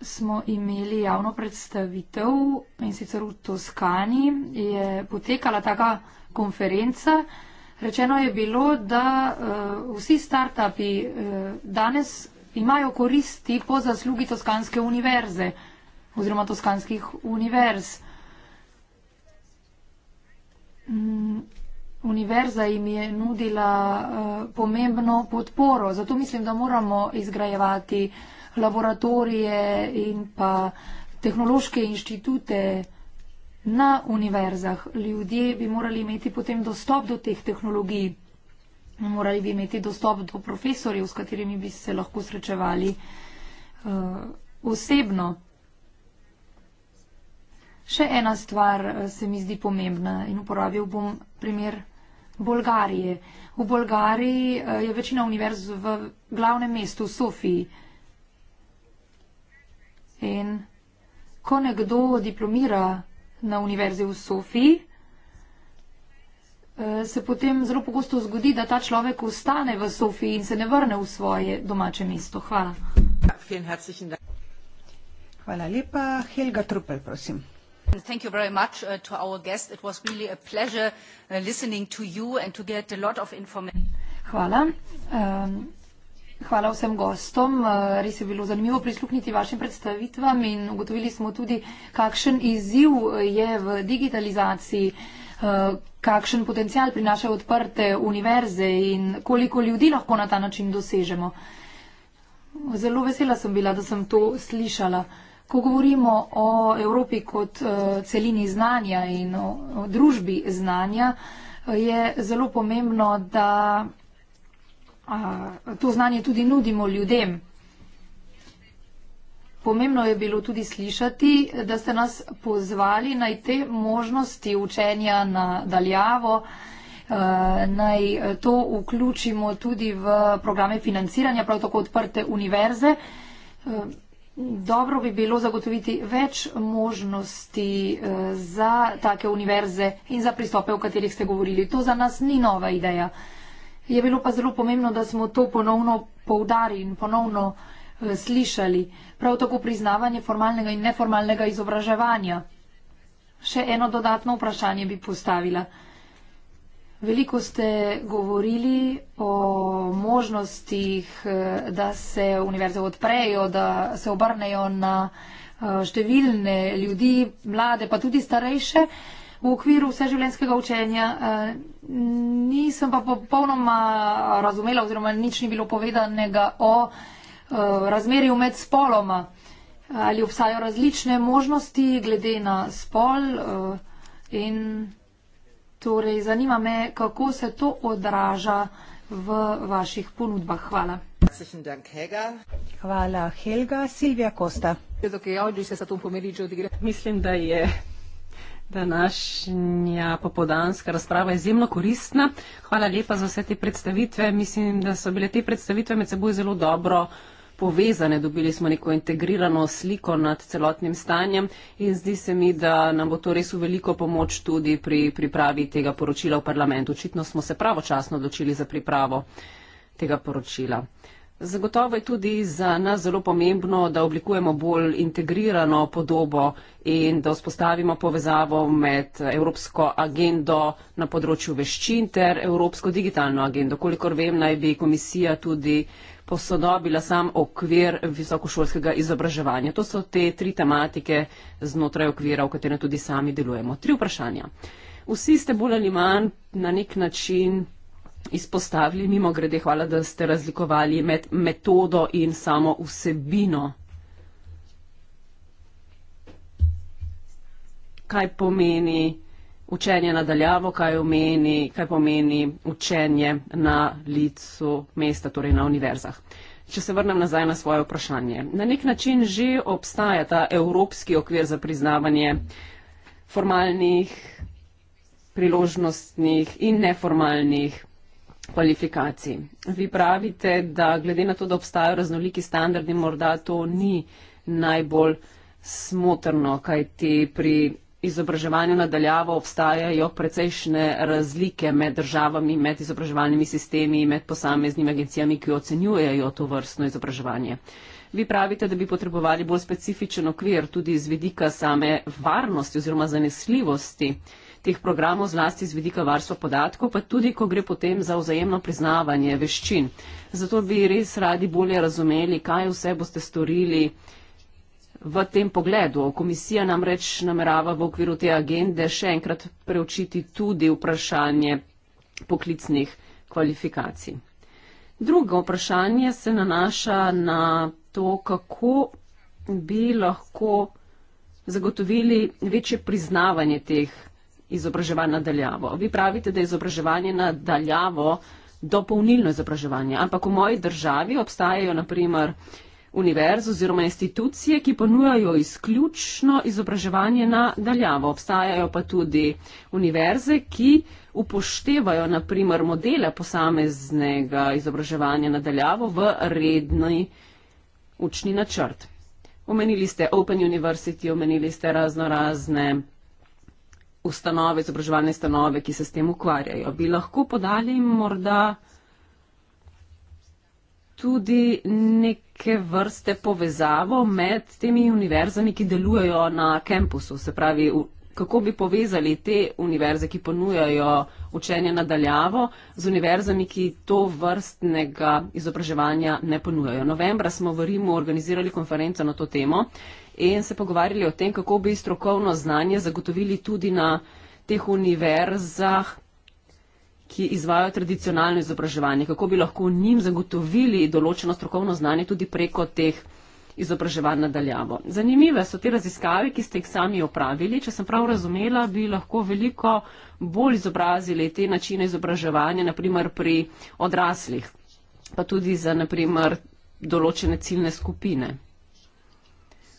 smo imeli javno predstavitev in sicer v Toskani je potekala taka konferenca. Rečeno je bilo, da uh, vsi startupi uh, danes imajo koristi po zaslugi Toskanske univerze. Uh, oziroma toskanskih univerz. Mm, univerza jim je nudila eh, pomembno podporo, zato mislim, da moramo izgrajevati laboratorije in pa tehnološke inštitute na univerzah. Ljudje bi morali imeti potem dostop do teh tehnologij, morali bi imeti dostop do profesorjev, s katerimi bi se lahko srečevali uh, osebno. Še ena stvar eh, se mi zdi pomembna in uporabil bom primer Bolgarije. V Bolgariji eh, je večina univerz v glavnem mestu, Sofiji. In ko nekdo diplomira na univerzi v Sofiji, eh, se potem zelo pogosto zgodi, da ta človek ostane v Sofiji in se ne vrne v svoje domače mesto. Hvala. Hvala lepa. Helga Trupel, prosim. Thank you very much uh, to our guests. It was really a pleasure uh, listening to you and to get a lot of information. Hvala. Um, hvala vsem gostom. Uh, res je bilo zanimivo prisluhniti vašim predstavitvam in ugotovili smo tudi, kakšen izziv je v digitalizaciji, kakšen potencial prinašajo odprte univerze in koliko ljudi lahko na ta način dosežemo. Zelo vesela sem bila, da sem to slišala. Ko govorimo o Evropi kot eh, celini znanja in o družbi znanja, eh, je zelo pomembno, da eh, to znanje tudi nudimo ljudem. Pomembno je bilo tudi slišati, da ste nas pozvali naj te možnosti učenja na daljavo, naj to vključimo tudi v programe financiranja, prav tako odprte univerze dobro bi bilo zagotoviti več možnosti eh, za take univerze in za pristope, o katerih ste govorili. To za nas ni nova ideja. Je bilo pa zelo pomembno, da smo to ponovno poudarili in ponovno eh, slišali. Prav tako priznavanje formalnega in neformalnega izobraževanja. Še eno dodatno vprašanje bi postavila. Veliko ste govorili o možnostih, eh, da se univerze odprejo, da se obrnejo na eh, številne ljudi, mlade, pa tudi starejše v okviru vseživljenjskega učenja. Eh, nisem pa popolnoma razumela oziroma nič ni bilo povedanega o razmerju med spoloma. Ali obstajajo različne možnosti glede na spol in Torej, zanima me, kako se to odraža v vaših ponudbah. Hvala. Hvala, Helga. Silvija Kosta. Mislim, da je današnja popodanska razprava izjemno koristna. Hvala lepa za vse te predstavitve. Mislim, da so bile te predstavitve med seboj zelo dobro povezane, dobili smo neko integrirano sliko nad celotnim stanjem in zdi se mi, da nam bo to res v veliko pomoč tudi pri pripravi tega poročila v parlamentu. Očitno smo se pravočasno odločili za pripravo tega poročila. Zagotovo je tudi za nas zelo pomembno, da oblikujemo bolj integrirano podobo in da vzpostavimo povezavo med Evropsko agendo na področju veščin ter Evropsko digitalno agendo. Kolikor vem, naj bi komisija tudi uh, posodobila sam okvir visokošolskega izobraževanja. To so te tri tematike znotraj okvira, v katerem tudi sami delujemo. Tri vprašanja. Vsi ste bolj ali manj na nek način izpostavili, mimo grede, hvala, da ste razlikovali med metodo in samo vsebino. Kaj pomeni? učenje nadaljavo, kaj, omeni, kaj pomeni učenje na licu mesta, torej na univerzah. Če se vrnem nazaj na svoje vprašanje. Na nek način že obstaja ta evropski okvir za priznavanje formalnih, priložnostnih in neformalnih kvalifikacij. Vi pravite, da glede na to, da obstajajo raznoliki standardi, morda to ni najbolj smotrno, kaj ti pri izobraževanju nadaljavo obstajajo precejšne razlike med državami, med izobraževalnimi sistemi, med posameznimi agencijami, ki ocenjujejo to vrstno izobraževanje. Vi pravite, da bi potrebovali bolj specifičen okvir tudi z vidika same varnosti oziroma zanesljivosti teh programov, zlasti z vidika varstva podatkov, pa tudi, ko gre potem za vzajemno priznavanje veščin. Zato bi res radi bolje razumeli, kaj vse boste storili v tem pogledu. Komisija namreč namerava v okviru te agende še enkrat preučiti tudi vprašanje poklicnih kvalifikacij. Drugo vprašanje se nanaša na to, kako bi lahko zagotovili večje priznavanje teh izobraževanj na daljavo. Vi pravite, da je izobraževanje na daljavo dopolnilno izobraževanje, ampak v moji državi obstajajo naprimer univerz oziroma institucije, ki ponujajo izključno izobraževanje na daljavo. Obstajajo pa tudi univerze, ki upoštevajo naprimer modele posameznega izobraževanja na daljavo v redni učni načrt. Omenili ste Open University, omenili ste razno razne ustanove, izobraževalne ustanove, ki se s tem ukvarjajo. Bi lahko podali morda tudi neke vrste povezavo med temi univerzami, ki delujejo na kampusu. Se pravi, kako bi povezali te univerze, ki ponujajo učenje nadaljavo, z univerzami, ki to vrstnega izobraževanja ne ponujajo. Novembra smo v Rimu organizirali konferenco na to temo in se pogovarjali o tem, kako bi strokovno znanje zagotovili tudi na teh univerzah, ki izvajo tradicionalno izobraževanje, kako bi lahko njim zagotovili določeno strokovno znanje tudi preko teh izobraževanj nadaljavo. Zanimive so te raziskave, ki ste jih sami opravili. Če sem prav razumela, bi lahko veliko bolj izobrazili te načine izobraževanja, naprimer pri odraslih, pa tudi za naprimer določene ciljne skupine.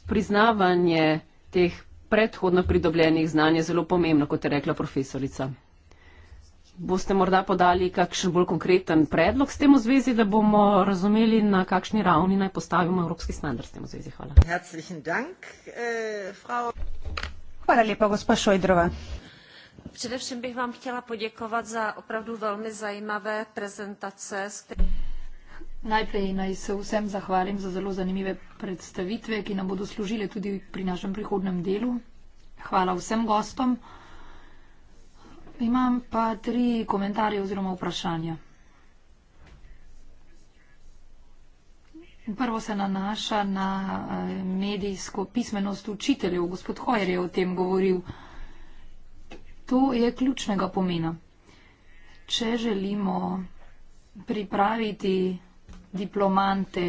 Priznavanje teh predhodno pridobljenih znanj je zelo pomembno, kot je rekla profesorica boste morda podali kakšen bolj konkreten predlog s tem v zvezi, da bomo razumeli, na kakšni ravni naj postavimo evropski standard s tem v zvezi. Hvala. Eh, Hvala lepa, gospa Šojdrova. Především bih vám htjela podjekovat za opravdu velmi zajímavé prezentace. Najprej naj se vsem zahvalim za zelo zanimive predstavitve, ki nam bodo služile tudi pri našem prihodnem delu. Hvala vsem gostom. Imam pa tri komentarje oziroma vprašanja. Prvo se nanaša na eh, medijsko pismenost učiteljev. Gospod Hojer je o tem govoril. To je ključnega pomena. Če želimo pripraviti diplomante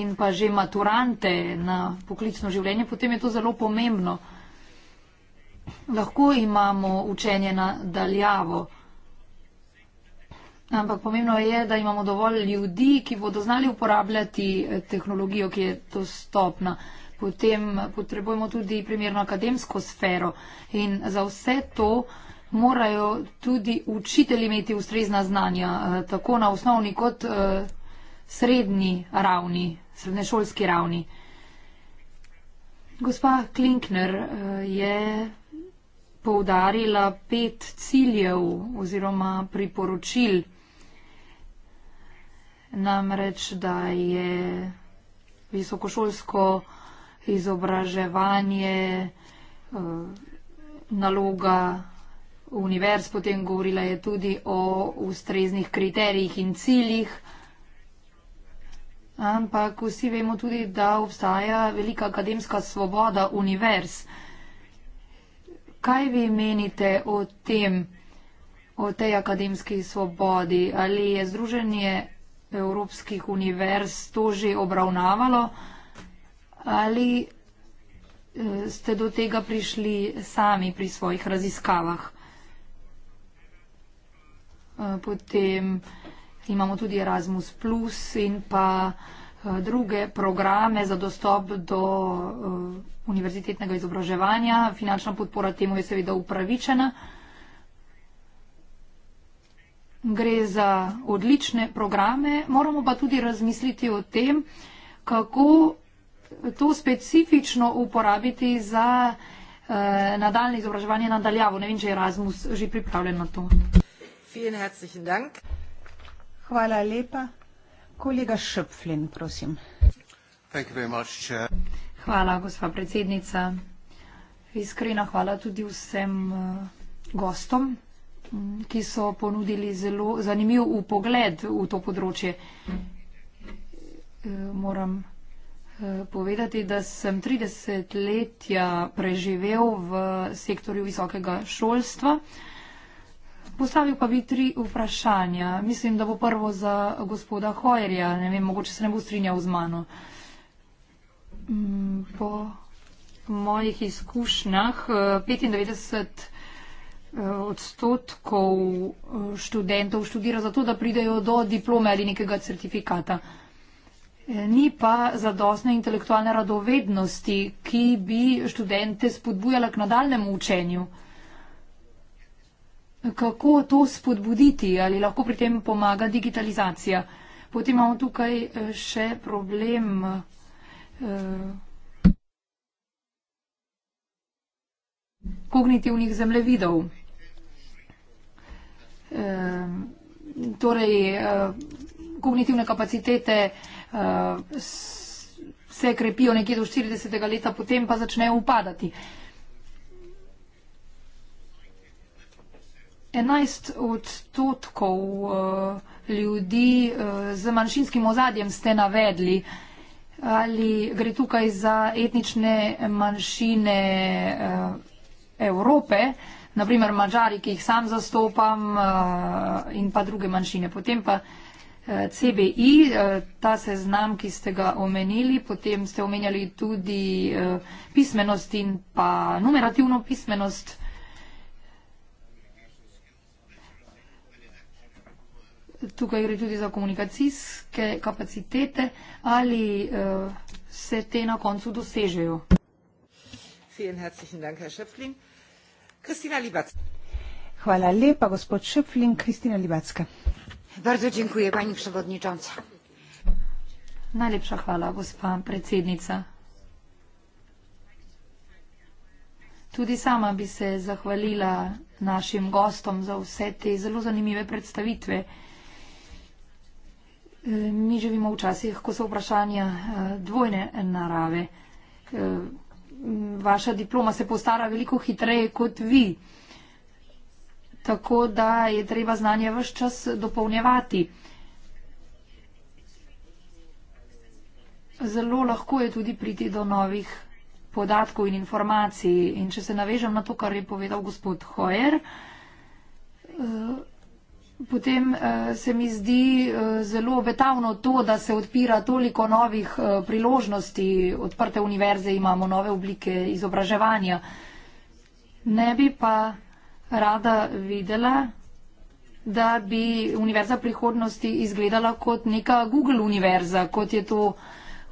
in pa že maturante na poklicno življenje, potem je to zelo pomembno lahko imamo učenje nadaljavo. Ampak pomembno je, da imamo dovolj ljudi, ki bodo znali uporabljati eh, tehnologijo, ki je dostopna. Potem potrebujemo tudi primerno akademsko sfero in za vse to morajo tudi učitelji imeti ustrezna znanja, eh, tako na osnovni kot eh, srednji ravni, srednješolski ravni. Gospa Klinkner je poudarila pet ciljev oziroma priporočil. Namreč, da je visokošolsko izobraževanje eh, naloga univerz, potem govorila je tudi o ustreznih kriterijih in ciljih. Ampak vsi vemo tudi, da obstaja velika akademska svoboda univerz. Kaj vi menite o tem, o tej akademski svobodi? Ali je Združenje Evropskih univerz to že obravnavalo ali eh, ste do tega prišli sami pri svojih raziskavah? Eh, potem imamo tudi Erasmus Plus in pa Eh, druge programe za dostop do uh, univerzitetnega izobraževanja. Finančna podpora temu je seveda upravičena. Gre za odlične programe, moramo pa tudi razmisliti o tem, kako to specifično uporabiti za uh, eh, nadaljne izobraževanje nadaljavo. Ne vem, če je Erasmus že pripravljen na to. Hvala lepa. Kolega Šepflin, prosim. Hvala, gospa predsednica. Iskrena hvala tudi vsem eh, gostom, ki so ponudili zelo zanimiv upogled v to področje. Eh, moram eh, povedati, da sem 30 letja preživel v sektorju visokega šolstva, Postavil pa bi tri vprašanja. Mislim, da bo prvo za gospoda Hojerja. Ne vem, mogoče se ne bo strinjal z mano. Mm, po mojih izkušnjah 95 eh, eh, odstotkov eh, študentov študira zato, da pridejo do diplome ali nekega certifikata. Ni pa zadostne intelektualne radovednosti, ki bi študente spodbujala k nadaljemu učenju. Kako to spodbuditi, ali lahko pri tem pomaga digitalizacija? Potem imamo tukaj eh, še problem. Eh, kognitivnih zemljevidov. E, torej, kognitivne kapacitete e, se krepijo nekje do 40. leta, potem pa začnejo upadati. 11 odstotkov eh, ljudi eh, z manjšinskim ozadjem ste navedli. Ali gre tukaj za etnične manjšine eh, Evrope, naprimer Mačari, ki jih sam zastopam, in pa druge manjšine. Potem pa CBI, ta seznam, ki ste ga omenili, potem ste omenjali tudi pismenost in pa numerativno pismenost. tukaj gre tudi za komunikacijske kapacitete, ali uh, se te na koncu dosežejo. Hvala lepa, gospod Šepling, Kristina Libacka. Najlepša hvala, gospa predsednica. Tudi sama bi se zahvalila našim gostom za vse te zelo zanimive predstavitve. Mi živimo v časih, ko so vprašanja eh, dvojne narave. Eh, vaša diploma se postara veliko hitreje kot vi, tako da je treba znanje vse čas dopolnjevati. Zelo lahko je tudi priti do novih podatkov in informacij. In če se navežem na to, kar je povedal gospod Hojer, eh, Potem eh, se mi zdi eh, zelo obetavno to, da se odpira toliko novih eh, priložnosti, odprte univerze imamo, nove oblike izobraževanja. Ne bi pa rada videla, da bi univerza prihodnosti izgledala kot neka Google univerza, kot je to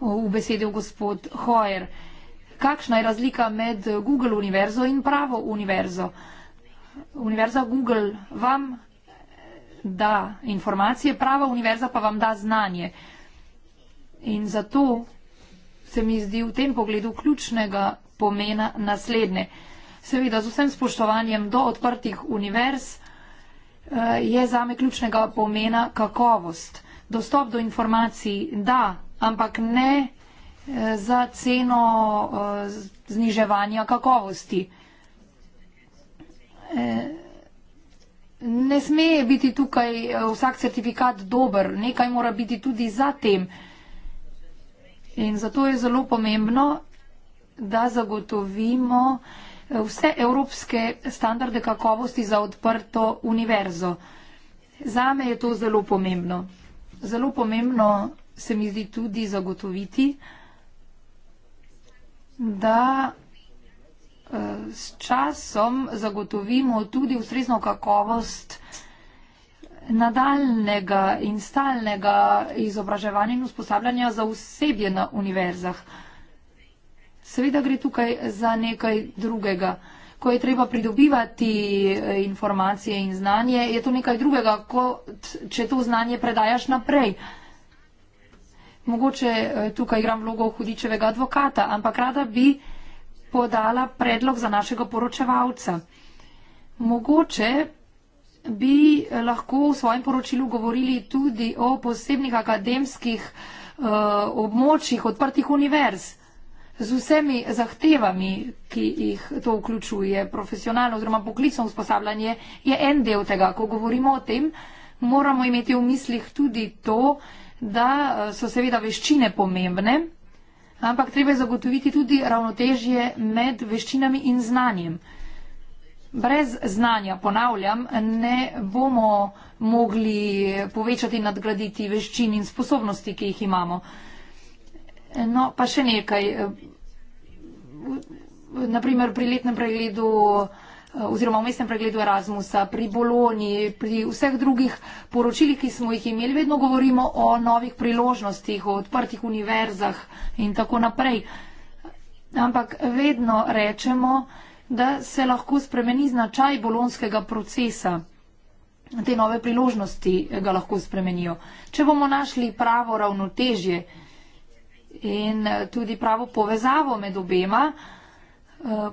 v besedi gospod Hoyer. Kakšna je razlika med Google univerzo in pravo univerzo? Univerza Google vam da informacije, prava univerza pa vam da znanje. In zato se mi zdi v tem pogledu ključnega pomena naslednje. Seveda, z vsem spoštovanjem do odprtih univerz eh, je zame ključnega pomena kakovost. Dostop do informacij da, ampak ne eh, za ceno eh, zniževanja kakovosti ne sme biti tukaj eh, vsak certifikat dober, nekaj mora biti tudi za tem. In zato je zelo pomembno, da zagotovimo eh, vse evropske standarde kakovosti za odprto univerzo. Zame je to zelo pomembno. Zelo pomembno se mi zdi tudi zagotoviti, da s časom zagotovimo tudi ustrezno kakovost nadaljnega in stalnega izobraževanja in usposabljanja za osebje na univerzah. Seveda gre tukaj za nekaj drugega. Ko je treba pridobivati eh, informacije in znanje, je to nekaj drugega, kot če to znanje predajaš naprej. Mogoče eh, tukaj igram vlogo hudičevega advokata, ampak rada bi podala predlog za našega poročevalca. Mogoče bi lahko v svojem poročilu govorili tudi o posebnih akademskih uh, območjih odprtih univerz z vsemi zahtevami, ki jih to vključuje. Profesionalno oziroma poklicno usposabljanje je en del tega. Ko govorimo o tem, moramo imeti v mislih tudi to, da eh, so seveda veščine pomembne ampak treba je zagotoviti tudi ravnotežje med veščinami in znanjem. Brez znanja, ponavljam, ne bomo mogli povečati in nadgraditi veščin in sposobnosti, ki jih imamo. No, pa še nekaj. Naprimer, pri letnem pregledu Eh, oziroma v mestnem pregledu Erasmusa, pri Boloni, pri vseh drugih poročilih, ki smo jih imeli, vedno govorimo o novih priložnostih, o odprtih univerzah in tako naprej. Ampak vedno rečemo, da se lahko spremeni značaj bolonskega procesa. Te nove priložnosti ga lahko spremenijo. Če bomo našli pravo ravnotežje in tudi pravo povezavo med obema, eh,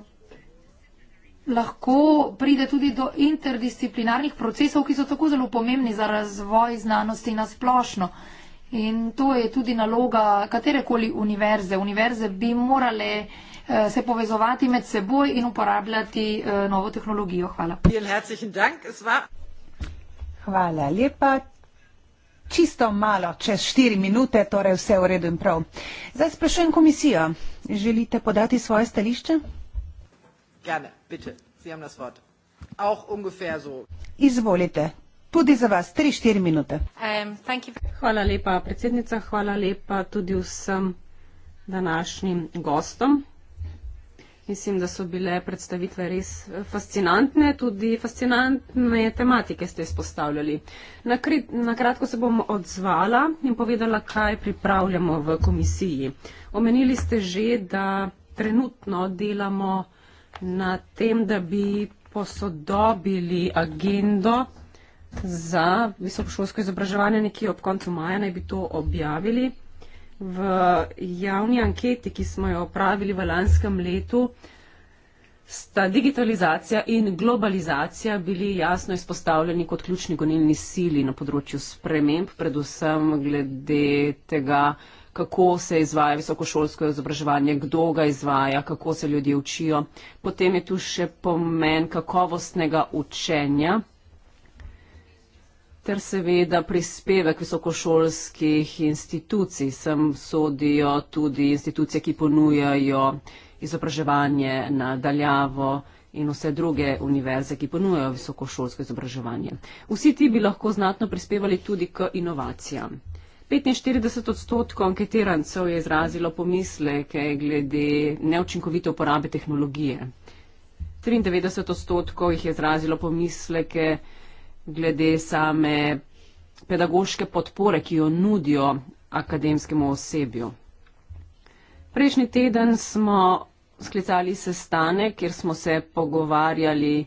lahko pride tudi do interdisciplinarnih procesov, ki so tako zelo pomembni za razvoj znanosti na splošno. In to je tudi naloga katerekoli univerze. Univerze bi morale eh, se povezovati med seboj in uporabljati eh, novo tehnologijo. Hvala. Hvala lepa. Čisto malo, čez štiri minute, torej vse v redu in prav. Zdaj sprašujem komisijo. Želite podati svoje stališče? Gerne, bitte. Sie haben das Wort. Auch ungefähr so. Izvolite. Tudi za vas, 3-4 minute. Um, hvala lepa, predsednica, hvala lepa tudi vsem današnjim gostom. Mislim, da so bile predstavitve res fascinantne, tudi fascinantne tematike ste izpostavljali. Nakratko se bom odzvala in povedala, kaj pripravljamo v komisiji. Omenili ste že, da trenutno delamo na tem, da bi posodobili agendo za visokošolsko izobraževanje, nekje ob koncu maja naj bi to objavili. V javni anketi, ki smo jo opravili v lanskem letu, sta digitalizacija in globalizacija bili jasno izpostavljeni kot ključni gonilni sili na področju sprememb, predvsem glede tega, kako se izvaja visokošolsko izobraževanje, kdo ga izvaja, kako se ljudje učijo. Potem je tu še pomen kakovostnega učenja ter seveda prispevek visokošolskih institucij. Sem sodijo tudi institucije, ki ponujajo izobraževanje na daljavo in vse druge univerze, ki ponujajo visokošolsko izobraževanje. Vsi ti bi lahko znatno prispevali tudi k inovacijam. 45 odstotkov anketirancev je izrazilo pomisleke glede neučinkovite uporabe tehnologije. 93 odstotkov jih je izrazilo pomisleke glede same pedagoške podpore, ki jo nudijo akademskemu osebju. Prejšnji teden smo sklicali sestanek, kjer smo se pogovarjali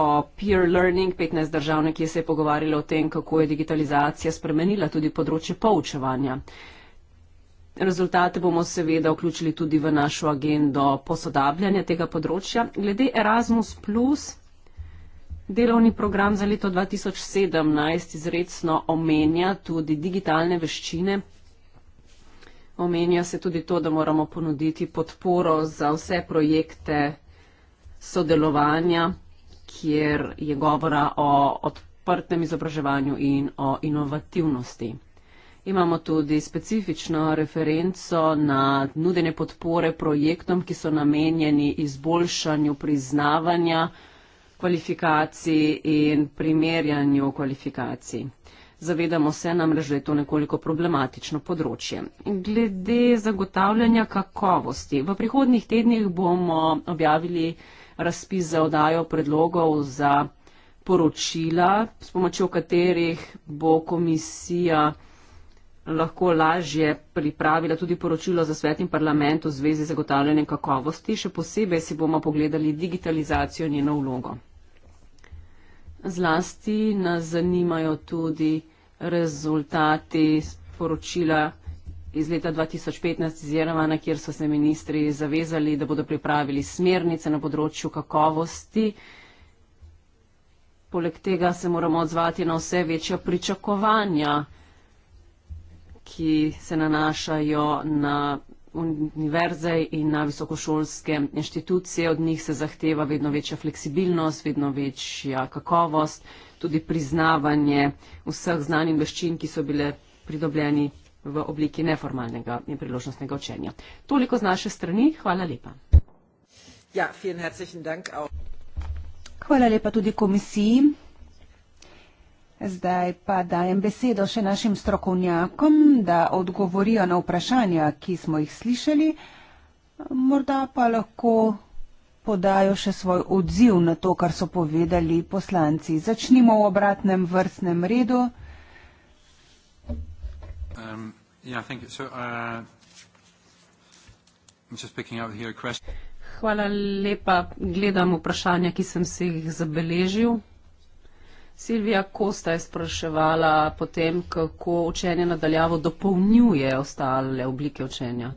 o peer learning, 15 držav nekje se je pogovarjalo o tem, kako je digitalizacija spremenila tudi področje poučevanja. Rezultate bomo seveda vključili tudi v našo agendo posodabljanja tega področja. Glede Erasmus, delovni program za leto 2017 izredno omenja tudi digitalne veščine. Omenja se tudi to, da moramo ponuditi podporo za vse projekte sodelovanja kjer je govora o odprtem izobraževanju in o inovativnosti. Imamo tudi specifično referenco na nudene podpore projektom, ki so namenjeni izboljšanju priznavanja kvalifikacij in primerjanju kvalifikacij. Zavedamo se namreč, da je to nekoliko problematično področje. Glede zagotavljanja kakovosti. V prihodnjih tednih bomo objavili razpis za odajo predlogov za poročila, s pomočjo katerih bo komisija lahko lažje pripravila tudi poročilo za svet in parlament v zvezi z zagotavljanjem kakovosti. Še posebej si bomo pogledali digitalizacijo in njeno vlogo. Zlasti nas zanimajo tudi rezultati poročila iz leta 2015 iz Jerevana, kjer so se ministri zavezali, da bodo pripravili smernice na področju kakovosti. Poleg tega se moramo odzvati na vse večja pričakovanja, ki se nanašajo na univerze in na visokošolske inštitucije. Od njih se zahteva vedno večja fleksibilnost, vedno večja kakovost, tudi priznavanje vseh znanj in veščin, ki so bile pridobljeni v obliki neformalnega in priložnostnega učenja. Toliko z naše strani, hvala lepa. Ja, hvala lepa tudi komisiji. Zdaj pa dajem besedo še našim strokovnjakom, da odgovorijo na vprašanja, ki smo jih slišali. Morda pa lahko podajo še svoj odziv na to, kar so povedali poslanci. Začnimo v obratnem vrstnem redu. Um, yeah, I think so. Uh, I'm just picking up here a question. Hvala lepa. Gledam vprašanja, ki sem si jih zabeležil. Silvija Kosta je spraševala potem, kako učenje nadaljavo dopolnjuje ostale oblike učenja.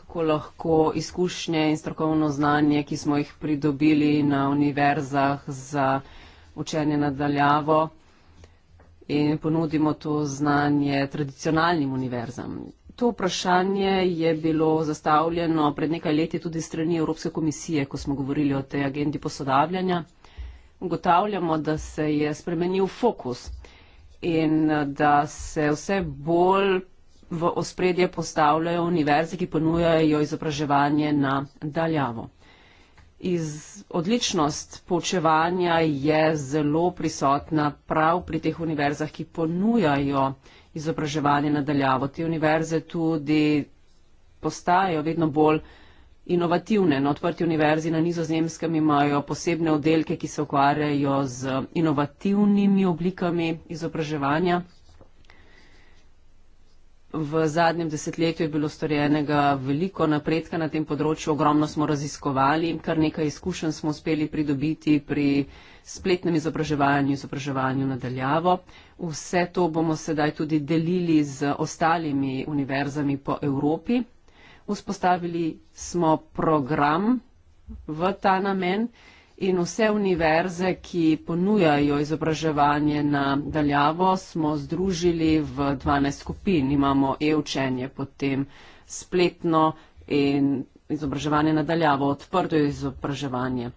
Kako lahko izkušnje in strokovno znanje, ki smo jih pridobili na univerzah za učenje nadaljavo, in ponudimo to znanje tradicionalnim univerzam. To vprašanje je bilo zastavljeno pred nekaj leti tudi strani Evropske komisije, ko smo govorili o tej agendi posodabljanja. Ugotavljamo, da se je spremenil fokus in da se vse bolj v ospredje postavljajo univerze, ki ponujajo izobraževanje na daljavo iz, odličnost poučevanja je zelo prisotna prav pri teh univerzah, ki ponujajo izobraževanje nadaljavo. Te univerze tudi postajajo vedno bolj inovativne. Na odprti univerzi na nizozemskem imajo posebne oddelke, ki se ukvarjajo z inovativnimi oblikami izobraževanja. V zadnjem desetletju je bilo storjenega veliko napredka na tem področju, ogromno smo raziskovali, kar nekaj izkušenj smo uspeli pridobiti pri spletnem izobraževanju, izobraževanju nadaljavo. Vse to bomo sedaj tudi delili z ostalimi univerzami po Evropi. Vzpostavili smo program v ta namen in vse univerze, ki ponujajo izobraževanje na daljavo, smo združili v 12 skupin. Imamo e-učenje, potem spletno in izobraževanje na daljavo, odprto izobraževanje.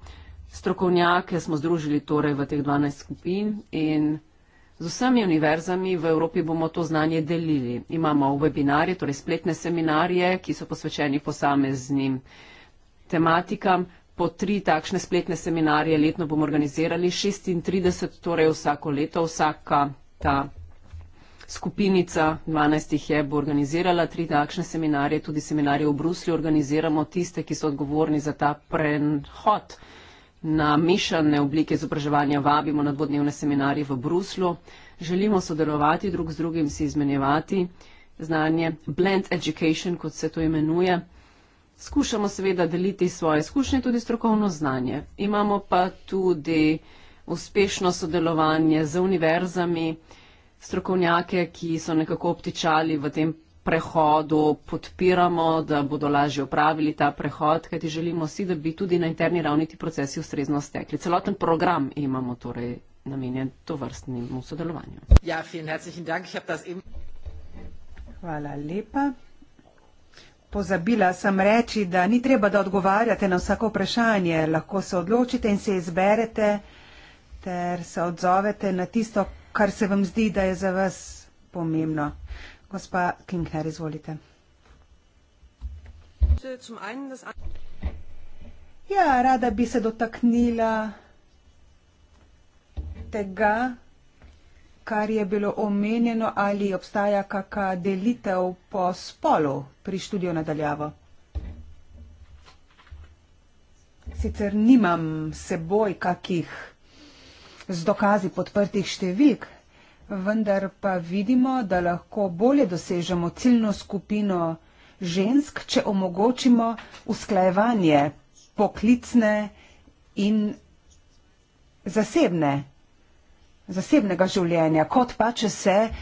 Strokovnjake smo združili torej v teh 12 skupin in z vsemi univerzami v Evropi bomo to znanje delili. Imamo webinarje, torej spletne seminarje, ki so posvečeni posameznim tematikam, po tri takšne spletne seminarje letno bomo organizirali, 36 torej vsako leto, vsaka ta skupinica 12 jih je bo organizirala, tri takšne seminarje, tudi seminarje v Bruslju organiziramo, tiste, ki so odgovorni za ta prenhod na mešane oblike izobraževanja, vabimo na dvodnevne seminarje v Bruslju, želimo sodelovati drug z drugim, si izmenjevati znanje, blend education, kot se to imenuje. Skušamo seveda deliti svoje izkušnje, tudi strokovno znanje. Imamo pa tudi uspešno sodelovanje z univerzami, strokovnjake, ki so nekako obtičali v tem prehodu, podpiramo, da bodo lažje upravili ta prehod, kajti želimo si, da bi tudi na interni ravni ti procesi ustrezno stekli. Celoten program imamo torej namenjen to vrstnemu sodelovanju. Ja, vielen herzlichen Dank. Ich habe das eben. Hvala lepa. Pozabila sem reči, da ni treba, da odgovarjate na vsako vprašanje. Lahko se odločite in se izberete ter se odzovete na tisto, kar se vam zdi, da je za vas pomembno. Gospa Klinkner, izvolite. Ja, rada bi se dotaknila tega, kar je bilo omenjeno, ali obstaja kakšna delitev po spolu pri študiju nadaljavo. Sicer nimam seboj kakih z dokazi podprtih številk, vendar pa vidimo, da lahko bolje dosežemo ciljno skupino žensk, če omogočimo usklajevanje poklicne in zasebne zasebnega življenja, kot pa če se eh,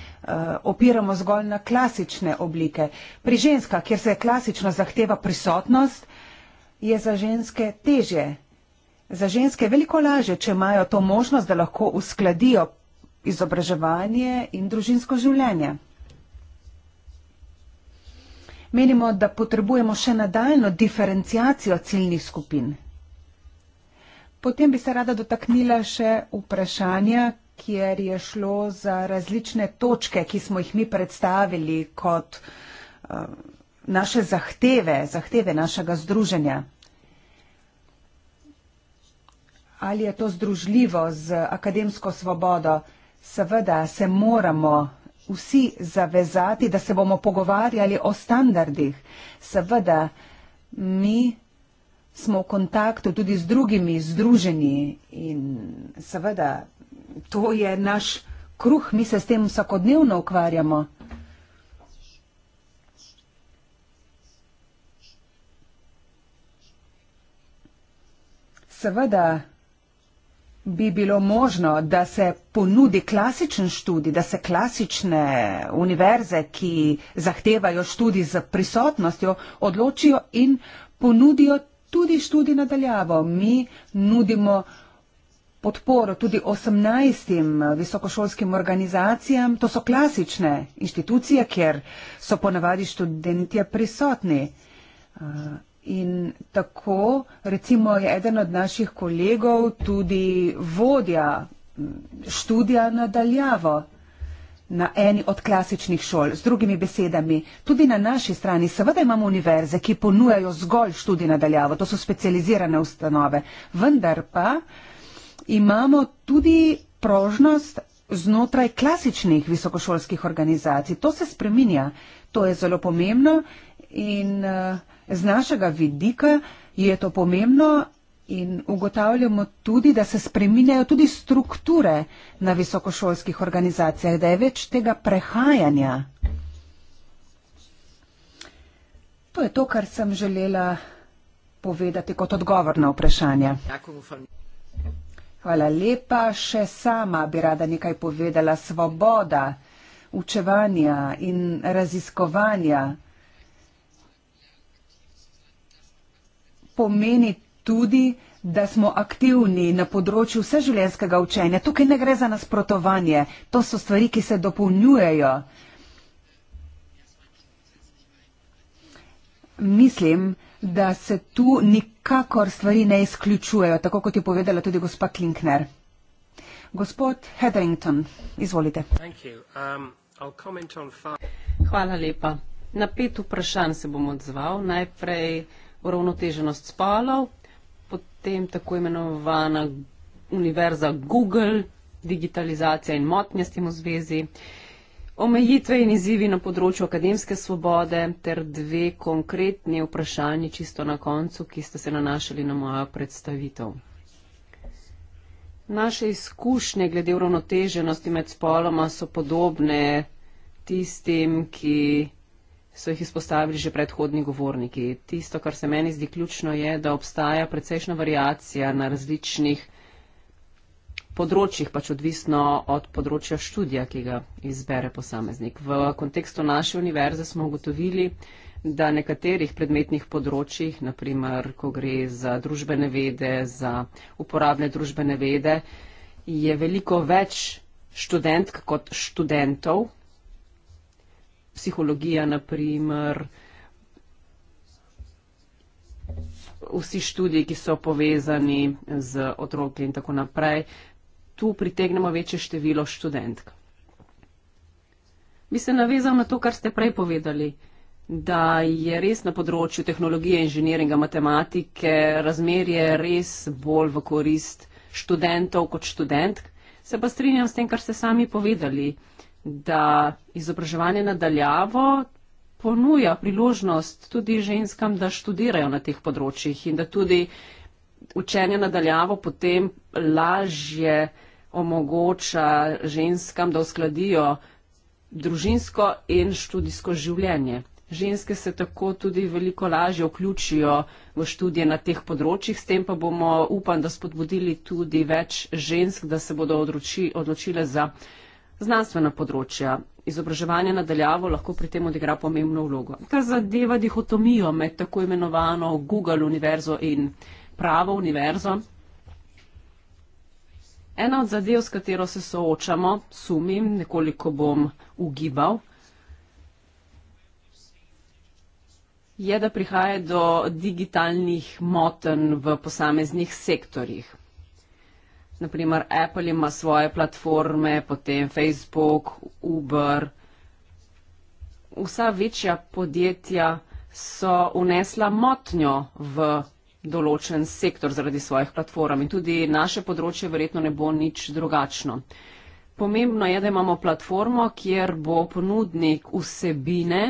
opiramo zgolj na klasične oblike. Pri ženskah, kjer se klasično zahteva prisotnost, je za ženske težje. Za ženske je veliko lažje, če imajo to možnost, da lahko uskladijo izobraževanje in družinsko življenje. Menimo, da potrebujemo še nadaljno diferencijacijo ciljnih skupin. Potem bi se rada dotaknila še vprašanja, kjer je šlo za različne točke, ki smo jih mi predstavili kot eh, naše zahteve, zahteve našega združenja. Ali je to združljivo z akademsko svobodo? Seveda se moramo vsi zavezati, da se bomo pogovarjali o standardih. Seveda mi smo v kontaktu tudi z drugimi združeni in seveda to je naš kruh, mi se s tem vsakodnevno ukvarjamo. Seveda bi bilo možno, da se ponudi klasičen študij, da se klasične univerze, ki zahtevajo študij z prisotnostjo, odločijo in ponudijo tudi študij nadaljavo. Mi nudimo podporo tudi 18 visokošolskim organizacijam. To so klasične inštitucije, kjer so ponavadi študentje prisotni. Eh, in tako recimo je eden od naših kolegov tudi vodja mm, študija nadaljavo na eni od klasičnih šol. Z drugimi besedami, tudi na naši strani seveda imamo univerze, ki ponujajo zgolj študij nadaljavo, to so specializirane ustanove, vendar pa uh, imamo tudi prožnost znotraj klasičnih visokošolskih organizacij. To se spreminja, to je zelo pomembno in eh, z našega vidika je to pomembno in ugotavljamo tudi, da se spreminjajo tudi strukture na visokošolskih organizacijah, da je več tega prehajanja. To je to, kar sem želela povedati kot odgovor na vprašanje. Tako, Hvala lepa. Še sama bi rada nekaj povedala. Svoboda učevanja in raziskovanja pomeni tudi, da smo aktivni na področju vseživljenjskega učenja. Tukaj ne gre za nasprotovanje, to so stvari, ki se dopolnjujejo. mislim, da se tu nikakor stvari ne izključujejo, tako kot je povedala tudi gospa Klinkner. Gospod Hetherington, izvolite. Um, Hvala lepa. Na pet vprašanj se bom odzval. Najprej uravnoteženost spolov, potem tako imenovana univerza Google, digitalizacija in motnje s tem v zvezi. Uh, omejitve in izzivi na področju akademske svobode ter dve konkretni vprašanji čisto na koncu, ki ste se nanašali na mojo predstavitev. Naše izkušnje glede uravnoteženosti med spoloma so podobne tistim, ki so jih izpostavili že predhodni govorniki. Tisto, kar se meni zdi ključno, je, da obstaja precejšna variacija na različnih področjih področjih, pač odvisno od področja študija, ki ga izbere posameznik. V kontekstu naše univerze smo ugotovili, da nekaterih predmetnih področjih, naprimer, ko gre za družbene vede, za uporabne družbene vede, je veliko več študentk kot študentov, psihologija, naprimer, vsi študiji, ki so povezani z otroki in tako naprej, tu pritegnemo večje število študentk. Bi se navezal na to, kar ste prej povedali, da je res na področju tehnologije, inženiringa, matematike razmerje res bolj v korist študentov kot študentk. Se pa strinjam s tem, kar ste sami povedali, da izobraževanje nadaljavo ponuja priložnost tudi ženskam, da študirajo na teh področjih in da tudi učenje nadaljavo potem lažje omogoča ženskam, da uskladijo družinsko in študijsko življenje. Ženske se tako tudi veliko lažje vključijo v študije na teh področjih, s tem pa bomo, upam, da spodbudili tudi več žensk, da se bodo odroči, odločile za znanstvena področja. Izobraževanje nadaljavo lahko pri tem odigra pomembno vlogo. Kar zadeva dihotomijo med tako imenovano Google univerzo in pravo univerzo, ena od zadev, s katero se soočamo, sumim, nekoliko bom ugibal, je, da prihaja do digitalnih moten v posameznih sektorjih. Naprimer, Apple ima svoje platforme, potem Facebook, Uber. Vsa večja podjetja so unesla motnjo v določen sektor zaradi svojih platform in tudi naše področje verjetno ne bo nič drugačno. Pomembno je, da imamo platformo, kjer bo ponudnik vsebine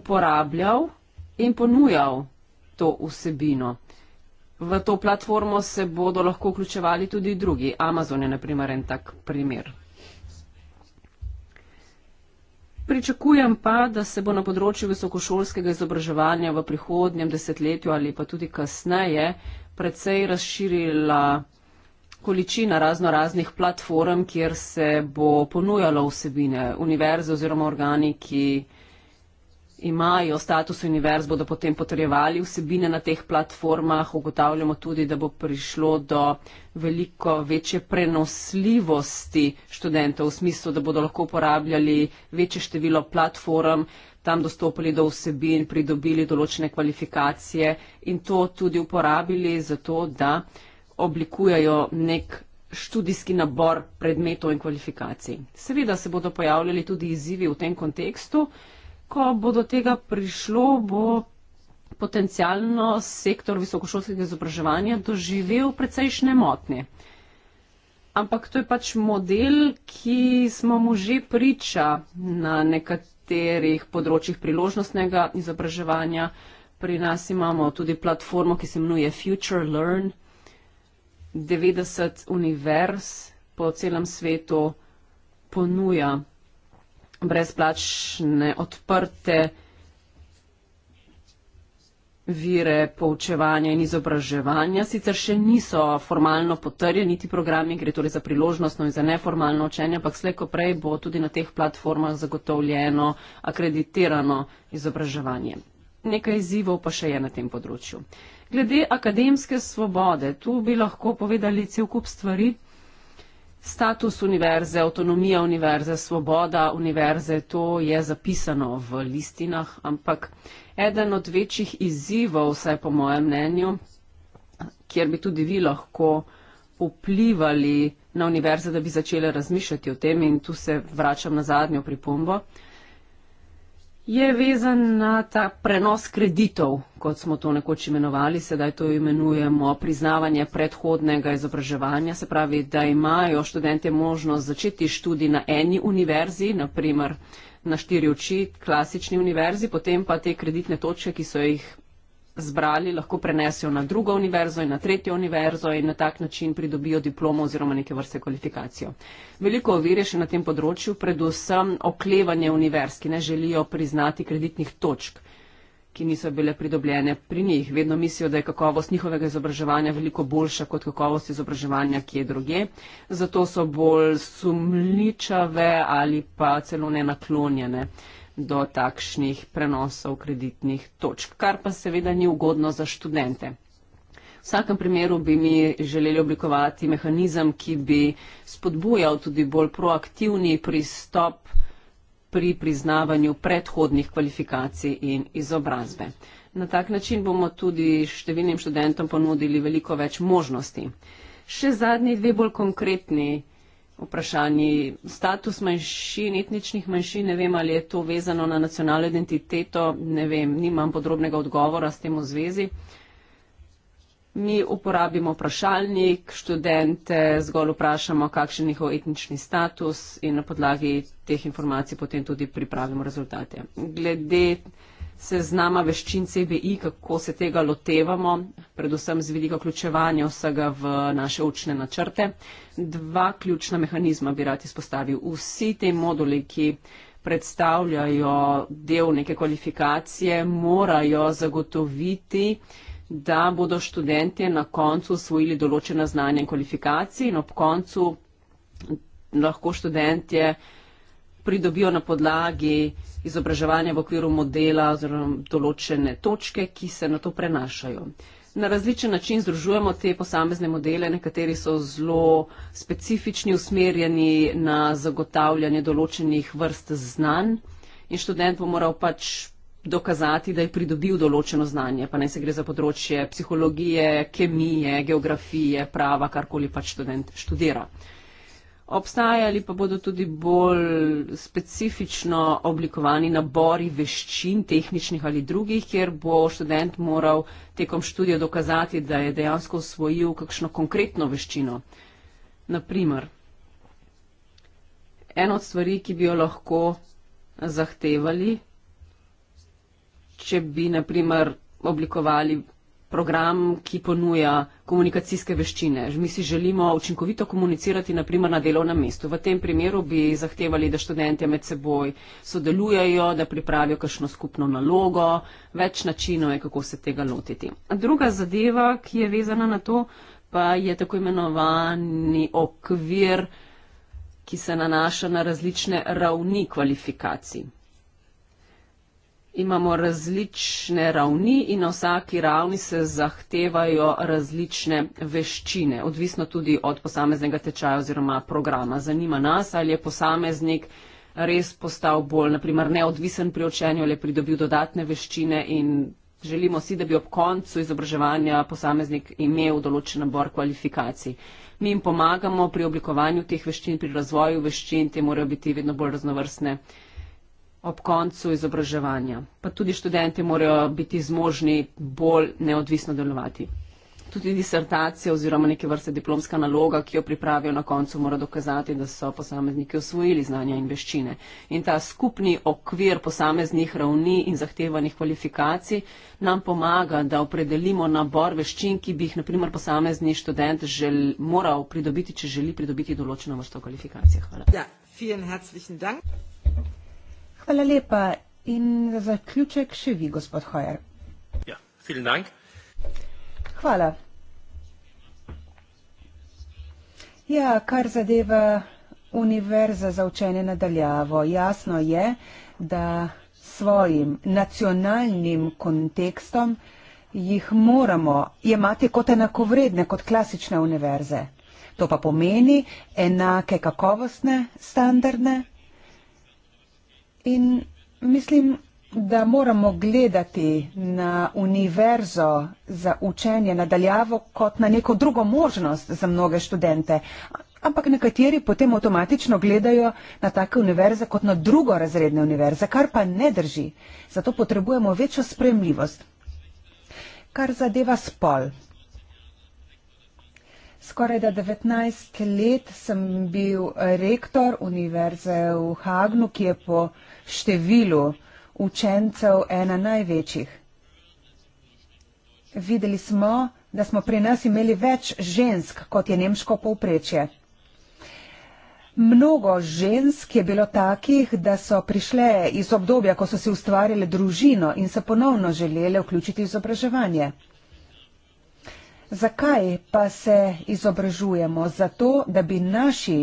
uporabljal in ponujal to vsebino. V to platformo se bodo lahko vključevali tudi drugi. Amazon je naprimer en tak primer. Pričakujem pa, da se bo na področju visokošolskega izobraževanja v prihodnjem desetletju ali pa tudi kasneje precej razširila količina razno raznih platform, kjer se bo ponujalo vsebine univerze oziroma organi, ki imajo status univerz, bodo potem potrjevali vsebine na teh platformah. Ugotavljamo tudi, da bo prišlo do veliko večje prenosljivosti študentov v smislu, da bodo lahko uporabljali večje število platform, tam dostopili do vsebin, pridobili določene kvalifikacije in to tudi uporabili za to, da oblikujajo nek študijski nabor predmetov in kvalifikacij. Seveda se bodo pojavljali tudi izzivi v tem kontekstu ko bo do tega prišlo, bo potencialno sektor visokošolskega izobraževanja doživel precejšnje motnje. Ampak to je pač model, ki smo mu že priča na nekaterih področjih priložnostnega izobraževanja. Pri nas imamo tudi platformo, ki se imenuje Future Learn, 90 univerz po celem svetu ponuja brezplačne odprte vire poučevanja in izobraževanja. Sicer še niso formalno potrjeni ti programi, gre torej za priložnostno in za neformalno učenje, ampak slejko prej bo tudi na teh platformah zagotovljeno akreditirano izobraževanje. Nekaj izzivov pa še je na tem področju. Glede akademske svobode, tu bi lahko povedali cel kup stvari. Status univerze, avtonomija univerze, svoboda univerze, to je zapisano v listinah, ampak eden od večjih izzivov, vsaj po mojem mnenju, kjer bi tudi vi lahko vplivali na univerze, da bi začele razmišljati o tem in tu se vračam na zadnjo pripombo, je vezan na ta prenos kreditov, kot smo to nekoč imenovali, sedaj to imenujemo priznavanje predhodnega izobraževanja, se pravi, da imajo študente možnost začeti študij na eni univerzi, naprimer na štiri oči, klasični univerzi, potem pa te kreditne točke, ki so jih zbrali, lahko prenesejo na drugo univerzo in na tretjo univerzo in na tak način pridobijo diplomo oziroma neke vrste kvalifikacijo. Veliko ovir je še na tem področju, predvsem oklevanje univerz, ki ne želijo priznati kreditnih točk, ki niso bile pridobljene pri njih. Vedno mislijo, da je kakovost njihovega izobraževanja veliko boljša kot kakovost izobraževanja kje druge. Zato so bolj sumničave ali pa celo nenaklonjene. Uh, do takšnih prenosov kreditnih točk, kar pa seveda ni ugodno za študente. V vsakem primeru bi mi želeli oblikovati mehanizem, ki bi spodbujal tudi bolj proaktivni pristop pri priznavanju predhodnih kvalifikacij in izobrazbe. Na tak način bomo tudi številnim študentom ponudili veliko več možnosti. Še zadnji dve bolj konkretni vprašanji. Status manjšin, etničnih manjšin, ne vem, ali je to vezano na nacionalno identiteto, ne vem, nimam podrobnega odgovora s tem v zvezi. Mi uporabimo vprašalnik, študente zgolj vprašamo, kakšen je njihov etnični status in na podlagi teh informacij potem tudi pripravimo rezultate. Glede seznama veščin CBI, kako se tega lotevamo, predvsem z vidika vključevanja vsega v naše učne načrte. Dva ključna mehanizma bi rad izpostavil. Vsi te moduli, ki predstavljajo del neke kvalifikacije, morajo zagotoviti, da bodo študenti na koncu usvojili določena znanja in kvalifikacije in ob koncu lahko študent je uh, pridobijo na podlagi izobraževanja v okviru modela oziroma določene točke, ki se na to prenašajo. Na različen način združujemo te posamezne modele, nekateri so zelo specifični, usmerjeni na zagotavljanje določenih vrst znanj in študent bo moral pač dokazati, da je pridobil določeno znanje, pa naj se gre za področje psihologije, kemije, geografije, prava, karkoli pač študent študira obstajali pa bodo tudi bolj specifično oblikovani nabori veščin, tehničnih ali drugih, kjer bo študent moral tekom študija dokazati, da je dejansko osvojil kakšno konkretno veščino. Naprimer, eno od stvari, ki bi jo lahko zahtevali, če bi naprimer oblikovali program, ki ponuja komunikacijske veščine. Mi si želimo učinkovito komunicirati, naprimer, na delovnem mestu. V tem primeru bi zahtevali, da študente med seboj sodelujejo, da pripravijo kakšno skupno nalogo, več načinov je, kako se tega lotiti. Druga zadeva, ki je vezana na to, pa je tako imenovani okvir, ki se nanaša na različne ravni kvalifikacij imamo različne ravni in na vsaki ravni se zahtevajo različne veščine, odvisno tudi od posameznega tečaja oziroma programa. Zanima nas, ali je posameznik res postal bolj naprimer, neodvisen pri učenju ali je pridobil dodatne veščine in želimo si, da bi ob koncu izobraževanja posameznik imel določen nabor kvalifikacij. Mi jim pomagamo pri oblikovanju teh veščin, pri razvoju veščin, te morajo biti vedno bolj raznovrstne ob koncu izobraževanja. Pa tudi študenti morajo biti zmožni bolj neodvisno delovati. Tudi disertacija oziroma neke vrste diplomska naloga, ki jo pripravijo na koncu, mora dokazati, da so posamezniki osvojili znanja in veščine. In ta skupni okvir posameznih ravni in zahtevanih kvalifikacij nam pomaga, da opredelimo nabor veščin, ki bi jih naprimer posamezni študent žel, moral pridobiti, če želi pridobiti določeno vrsto kvalifikacije. Hvala. Ja, Hvala lepa. In za zaključek še vi, gospod Hojer. Ja, vielen Dank. Hvala. Ja, kar zadeva univerze za učenje nadaljavo. Jasno je, da svojim nacionalnim kontekstom jih moramo jemati kot enakovredne, kot klasične univerze. To pa pomeni enake kakovostne standarde In mislim, da moramo gledati na univerzo za učenje nadaljavo kot na neko drugo možnost za mnoge študente. Ampak nekateri potem avtomatično gledajo na take univerze kot na drugo razredne univerze, kar pa ne drži. Zato potrebujemo večjo spremljivost. Kar zadeva spol. Skoraj da 19 let sem bil rektor univerze v Hagnu, ki je po uh, številu učencev ena največjih. Videli smo, da smo pri nas imeli več žensk, kot je nemško povprečje. Mnogo žensk je bilo takih, da so prišle iz obdobja, ko so si ustvarjale družino in se ponovno želele vključiti v izobraževanje. Zakaj pa se izobražujemo? Zato, da bi naši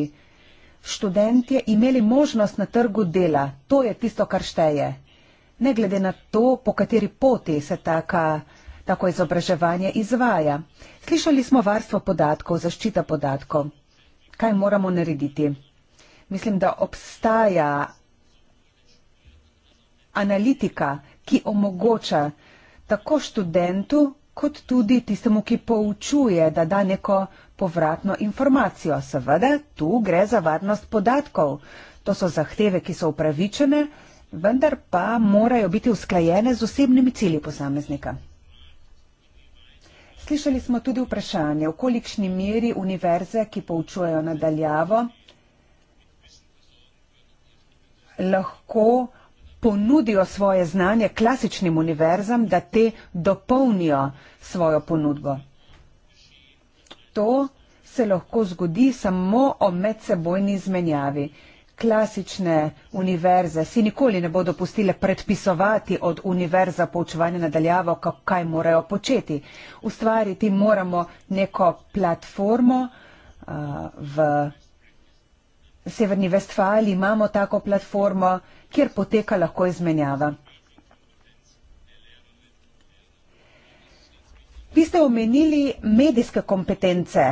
študentje imeli možnost na trgu dela. To je tisto, kar šteje. Ne glede na to, po kateri poti se taka, tako izobraževanje izvaja. Slišali smo varstvo podatkov, zaščita podatkov. Kaj moramo narediti? Mislim, da obstaja analitika, ki omogoča tako študentu, kot tudi tistemu, ki poučuje, da da neko povratno informacijo. Seveda, tu gre za varnost podatkov. To so zahteve, ki so upravičene, vendar pa morajo biti usklajene z osebnimi cilji posameznika. Slišali smo tudi vprašanje, v kolikšni meri univerze, ki poučujejo nadaljavo, lahko ponudijo svoje znanje klasičnim univerzam, da te dopolnijo svojo ponudbo to se lahko zgodi samo o medsebojni izmenjavi. Klasične univerze si nikoli ne bodo pustile predpisovati od univerza poučevanja nadaljavo, kaj morajo početi. Ustvariti moramo neko platformo uh, v Severni Vestfali, imamo tako platformo, kjer poteka lahko izmenjava. ste omenili medijske kompetence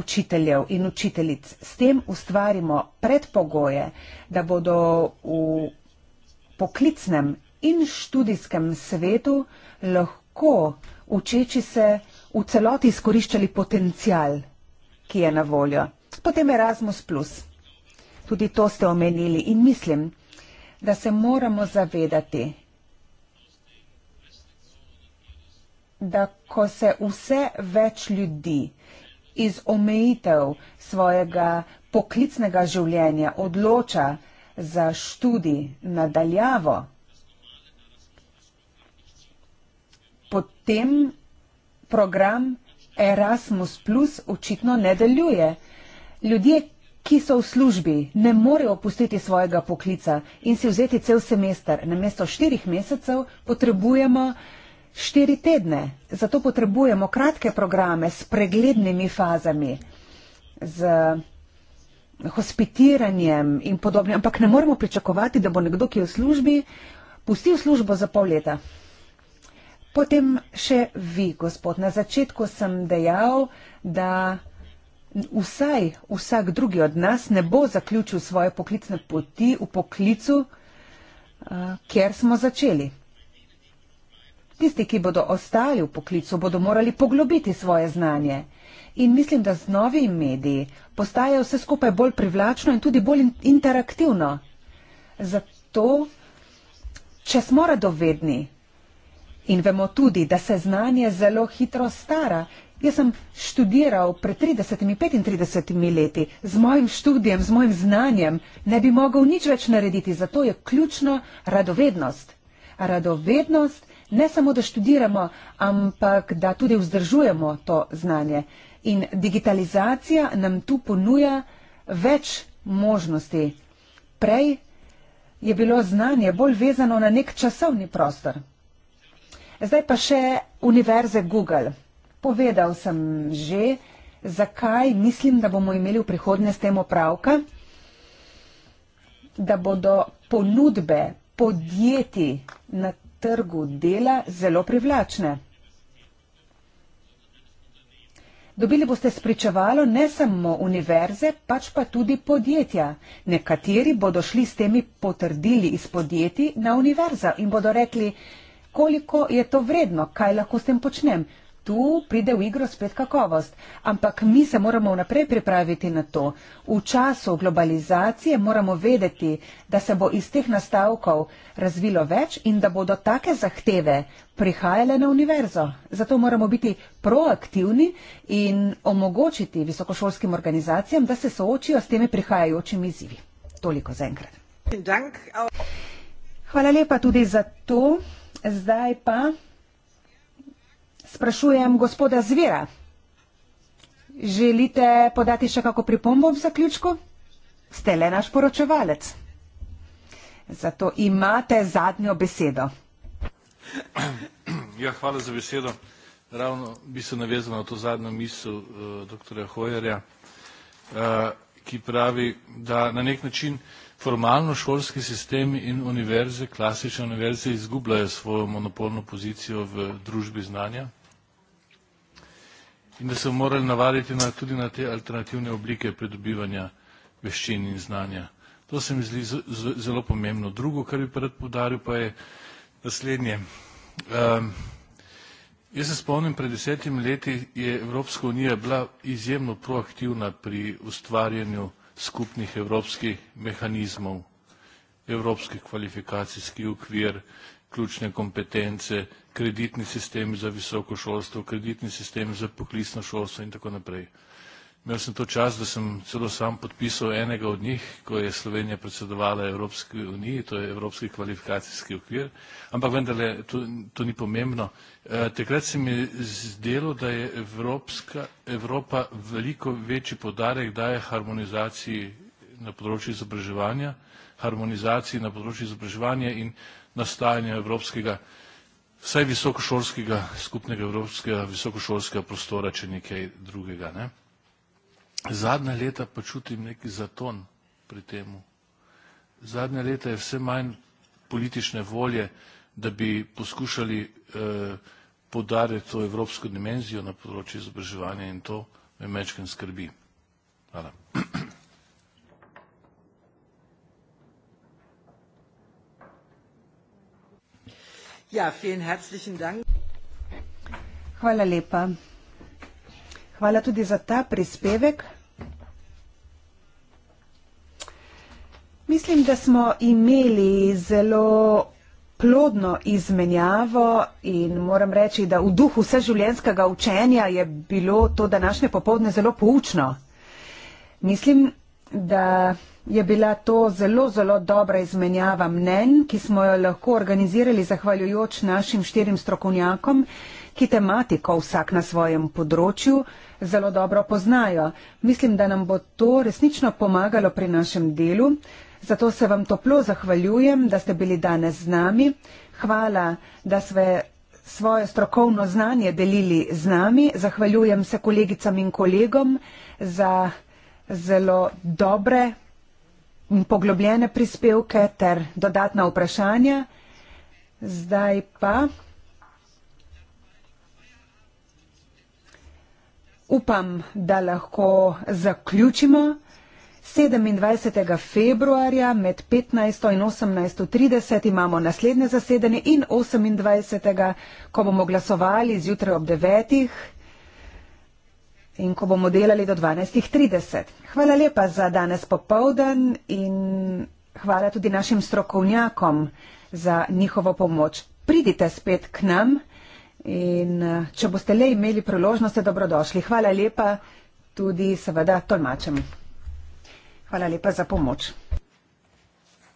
učiteljev in učiteljic. S tem ustvarimo predpogoje, da bodo v poklicnem in študijskem svetu lahko učeči se v celoti izkoriščali potencial, ki je na voljo. Potem Erasmus. Tudi to ste omenili in mislim, da se moramo zavedati, da ko se vse več ljudi iz omejitev svojega poklicnega življenja odloča za študij nadaljavo, potem program Erasmus Plus očitno ne deluje. Ljudje, ki so v službi, ne morejo opustiti svojega poklica in si vzeti cel semester. Namesto štirih mesecev potrebujemo štiri tedne. Zato potrebujemo kratke programe s preglednimi fazami, z hospitiranjem in podobno. Ampak ne moremo pričakovati, da bo nekdo, ki je v službi, pustil službo za pol leta. Potem še vi, gospod. Na začetku sem dejal, da vsaj vsak drugi od nas ne bo zaključil svoje poklicne poti v poklicu, eh, kjer smo začeli. Tisti, ki bodo ostali v poklicu, bodo morali poglobiti svoje znanje. In mislim, da z novimi mediji postaje vse skupaj bolj privlačno in tudi bolj interaktivno. Zato, če smo radovedni in vemo tudi, da se znanje zelo hitro stara. Jaz sem študiral pred 30-35 leti, z mojim študijem, z mojim znanjem, ne bi mogel nič več narediti. Zato je ključno radovednost. Radovednost ne samo, da študiramo, ampak da tudi vzdržujemo to znanje. In digitalizacija nam tu ponuja več možnosti. Prej je bilo znanje bolj vezano na nek časovni prostor. Zdaj pa še univerze Google. Povedal sem že, zakaj mislim, da bomo imeli v prihodnje s tem opravka, da bodo ponudbe podjetij na trgu dela zelo privlačne. Dobili boste spričevalo ne samo univerze, pač pa tudi podjetja. Nekateri bodo šli s temi potrdili iz podjetij na univerzo in bodo rekli, koliko je to vredno, kaj lahko s tem počnem, tu pride v igro spet kakovost. Ampak mi se moramo vnaprej pripraviti na to. V času globalizacije moramo vedeti, da se bo iz teh nastavkov razvilo več in da bodo take zahteve prihajale na univerzo. Zato moramo biti proaktivni in omogočiti visokošolskim organizacijam, da se soočijo s temi prihajajočimi izzivi. Toliko za enkrat. Hvala lepa tudi za to. Zdaj pa. Sprašujem gospoda Zvera. Želite podati še kako pripombo v zaključku? Ste le naš poročevalec. Zato imate zadnjo besedo. Ja, hvala za besedo. Ravno bi se navezal na to zadnjo misel uh, dr. Hojarja, uh, ki pravi, da na nek način formalno šolski sistem in univerze, klasične univerze, izgubljajo svojo monopolno pozicijo v družbi znanja in da se bomo morali navaditi na, tudi na te alternativne oblike pridobivanja veščin in znanja. To se mi zdi zelo pomembno. Drugo, kar bi rad podaril, pa je naslednje. Um, jaz se spomnim, pred desetimi leti je Evropska unija bila izjemno proaktivna pri ustvarjanju skupnih evropskih mehanizmov, evropski kvalifikacijski ukvir, ključne kompetence, kreditni sistem za visoko šolstvo, kreditni sistem za poklicno šolstvo in tako naprej. Imel sem to čas, da sem celo sam podpisal enega od njih, ko je Slovenija predsedovala Evropski uniji, to je Evropski kvalifikacijski okvir, ampak vendarle to, to ni pomembno. E, Takrat se mi zdelo, da je Evropska, Evropa veliko večji podarek daje harmonizaciji na področju izobraževanja, harmonizaciji na področju izobraževanja in nastajanja evropskega, vsaj visokošolskega, skupnega evropskega visokošolskega prostora, če nekaj drugega. Ne? Zadnja leta pa čutim neki zaton pri tem. Zadnja leta je vse manj politične volje, da bi poskušali eh, podariti to evropsko dimenzijo na področju izobraževanja in to me mečkim skrbi. Hvala. Ja, vielen herzlichen Dank. Hvala lepa. Hvala tudi za ta prispevek. Mislim, da smo imeli zelo plodno izmenjavo in moram reči, da v duhu vseživljenjskega učenja je bilo to današnje popovdne zelo poučno. Mislim, da je bila to zelo, zelo dobra izmenjava mnen, ki smo jo lahko organizirali zahvaljujoč našim štirim strokovnjakom, ki tematiko vsak na svojem področju zelo dobro poznajo. Mislim, da nam bo to resnično pomagalo pri našem delu. Zato se vam toplo zahvaljujem, da ste bili danes z nami. Hvala, da ste svoje strokovno znanje delili z nami. Zahvaljujem se kolegicam in kolegom za zelo dobre poglobljene prispevke ter dodatna vprašanja. Zdaj pa upam, da lahko zaključimo. 27. februarja med 15. in 18.30 imamo naslednje zasedanje in 28. ko bomo glasovali zjutraj ob 9 in ko bomo delali do 12.30. Hvala lepa za danes popovdan in hvala tudi našim strokovnjakom za njihovo pomoč. Pridite spet k nam in eh, če boste le imeli priložnost, ste dobrodošli. Hvala lepa tudi seveda tolmačem. Hvala lepa za pomoč.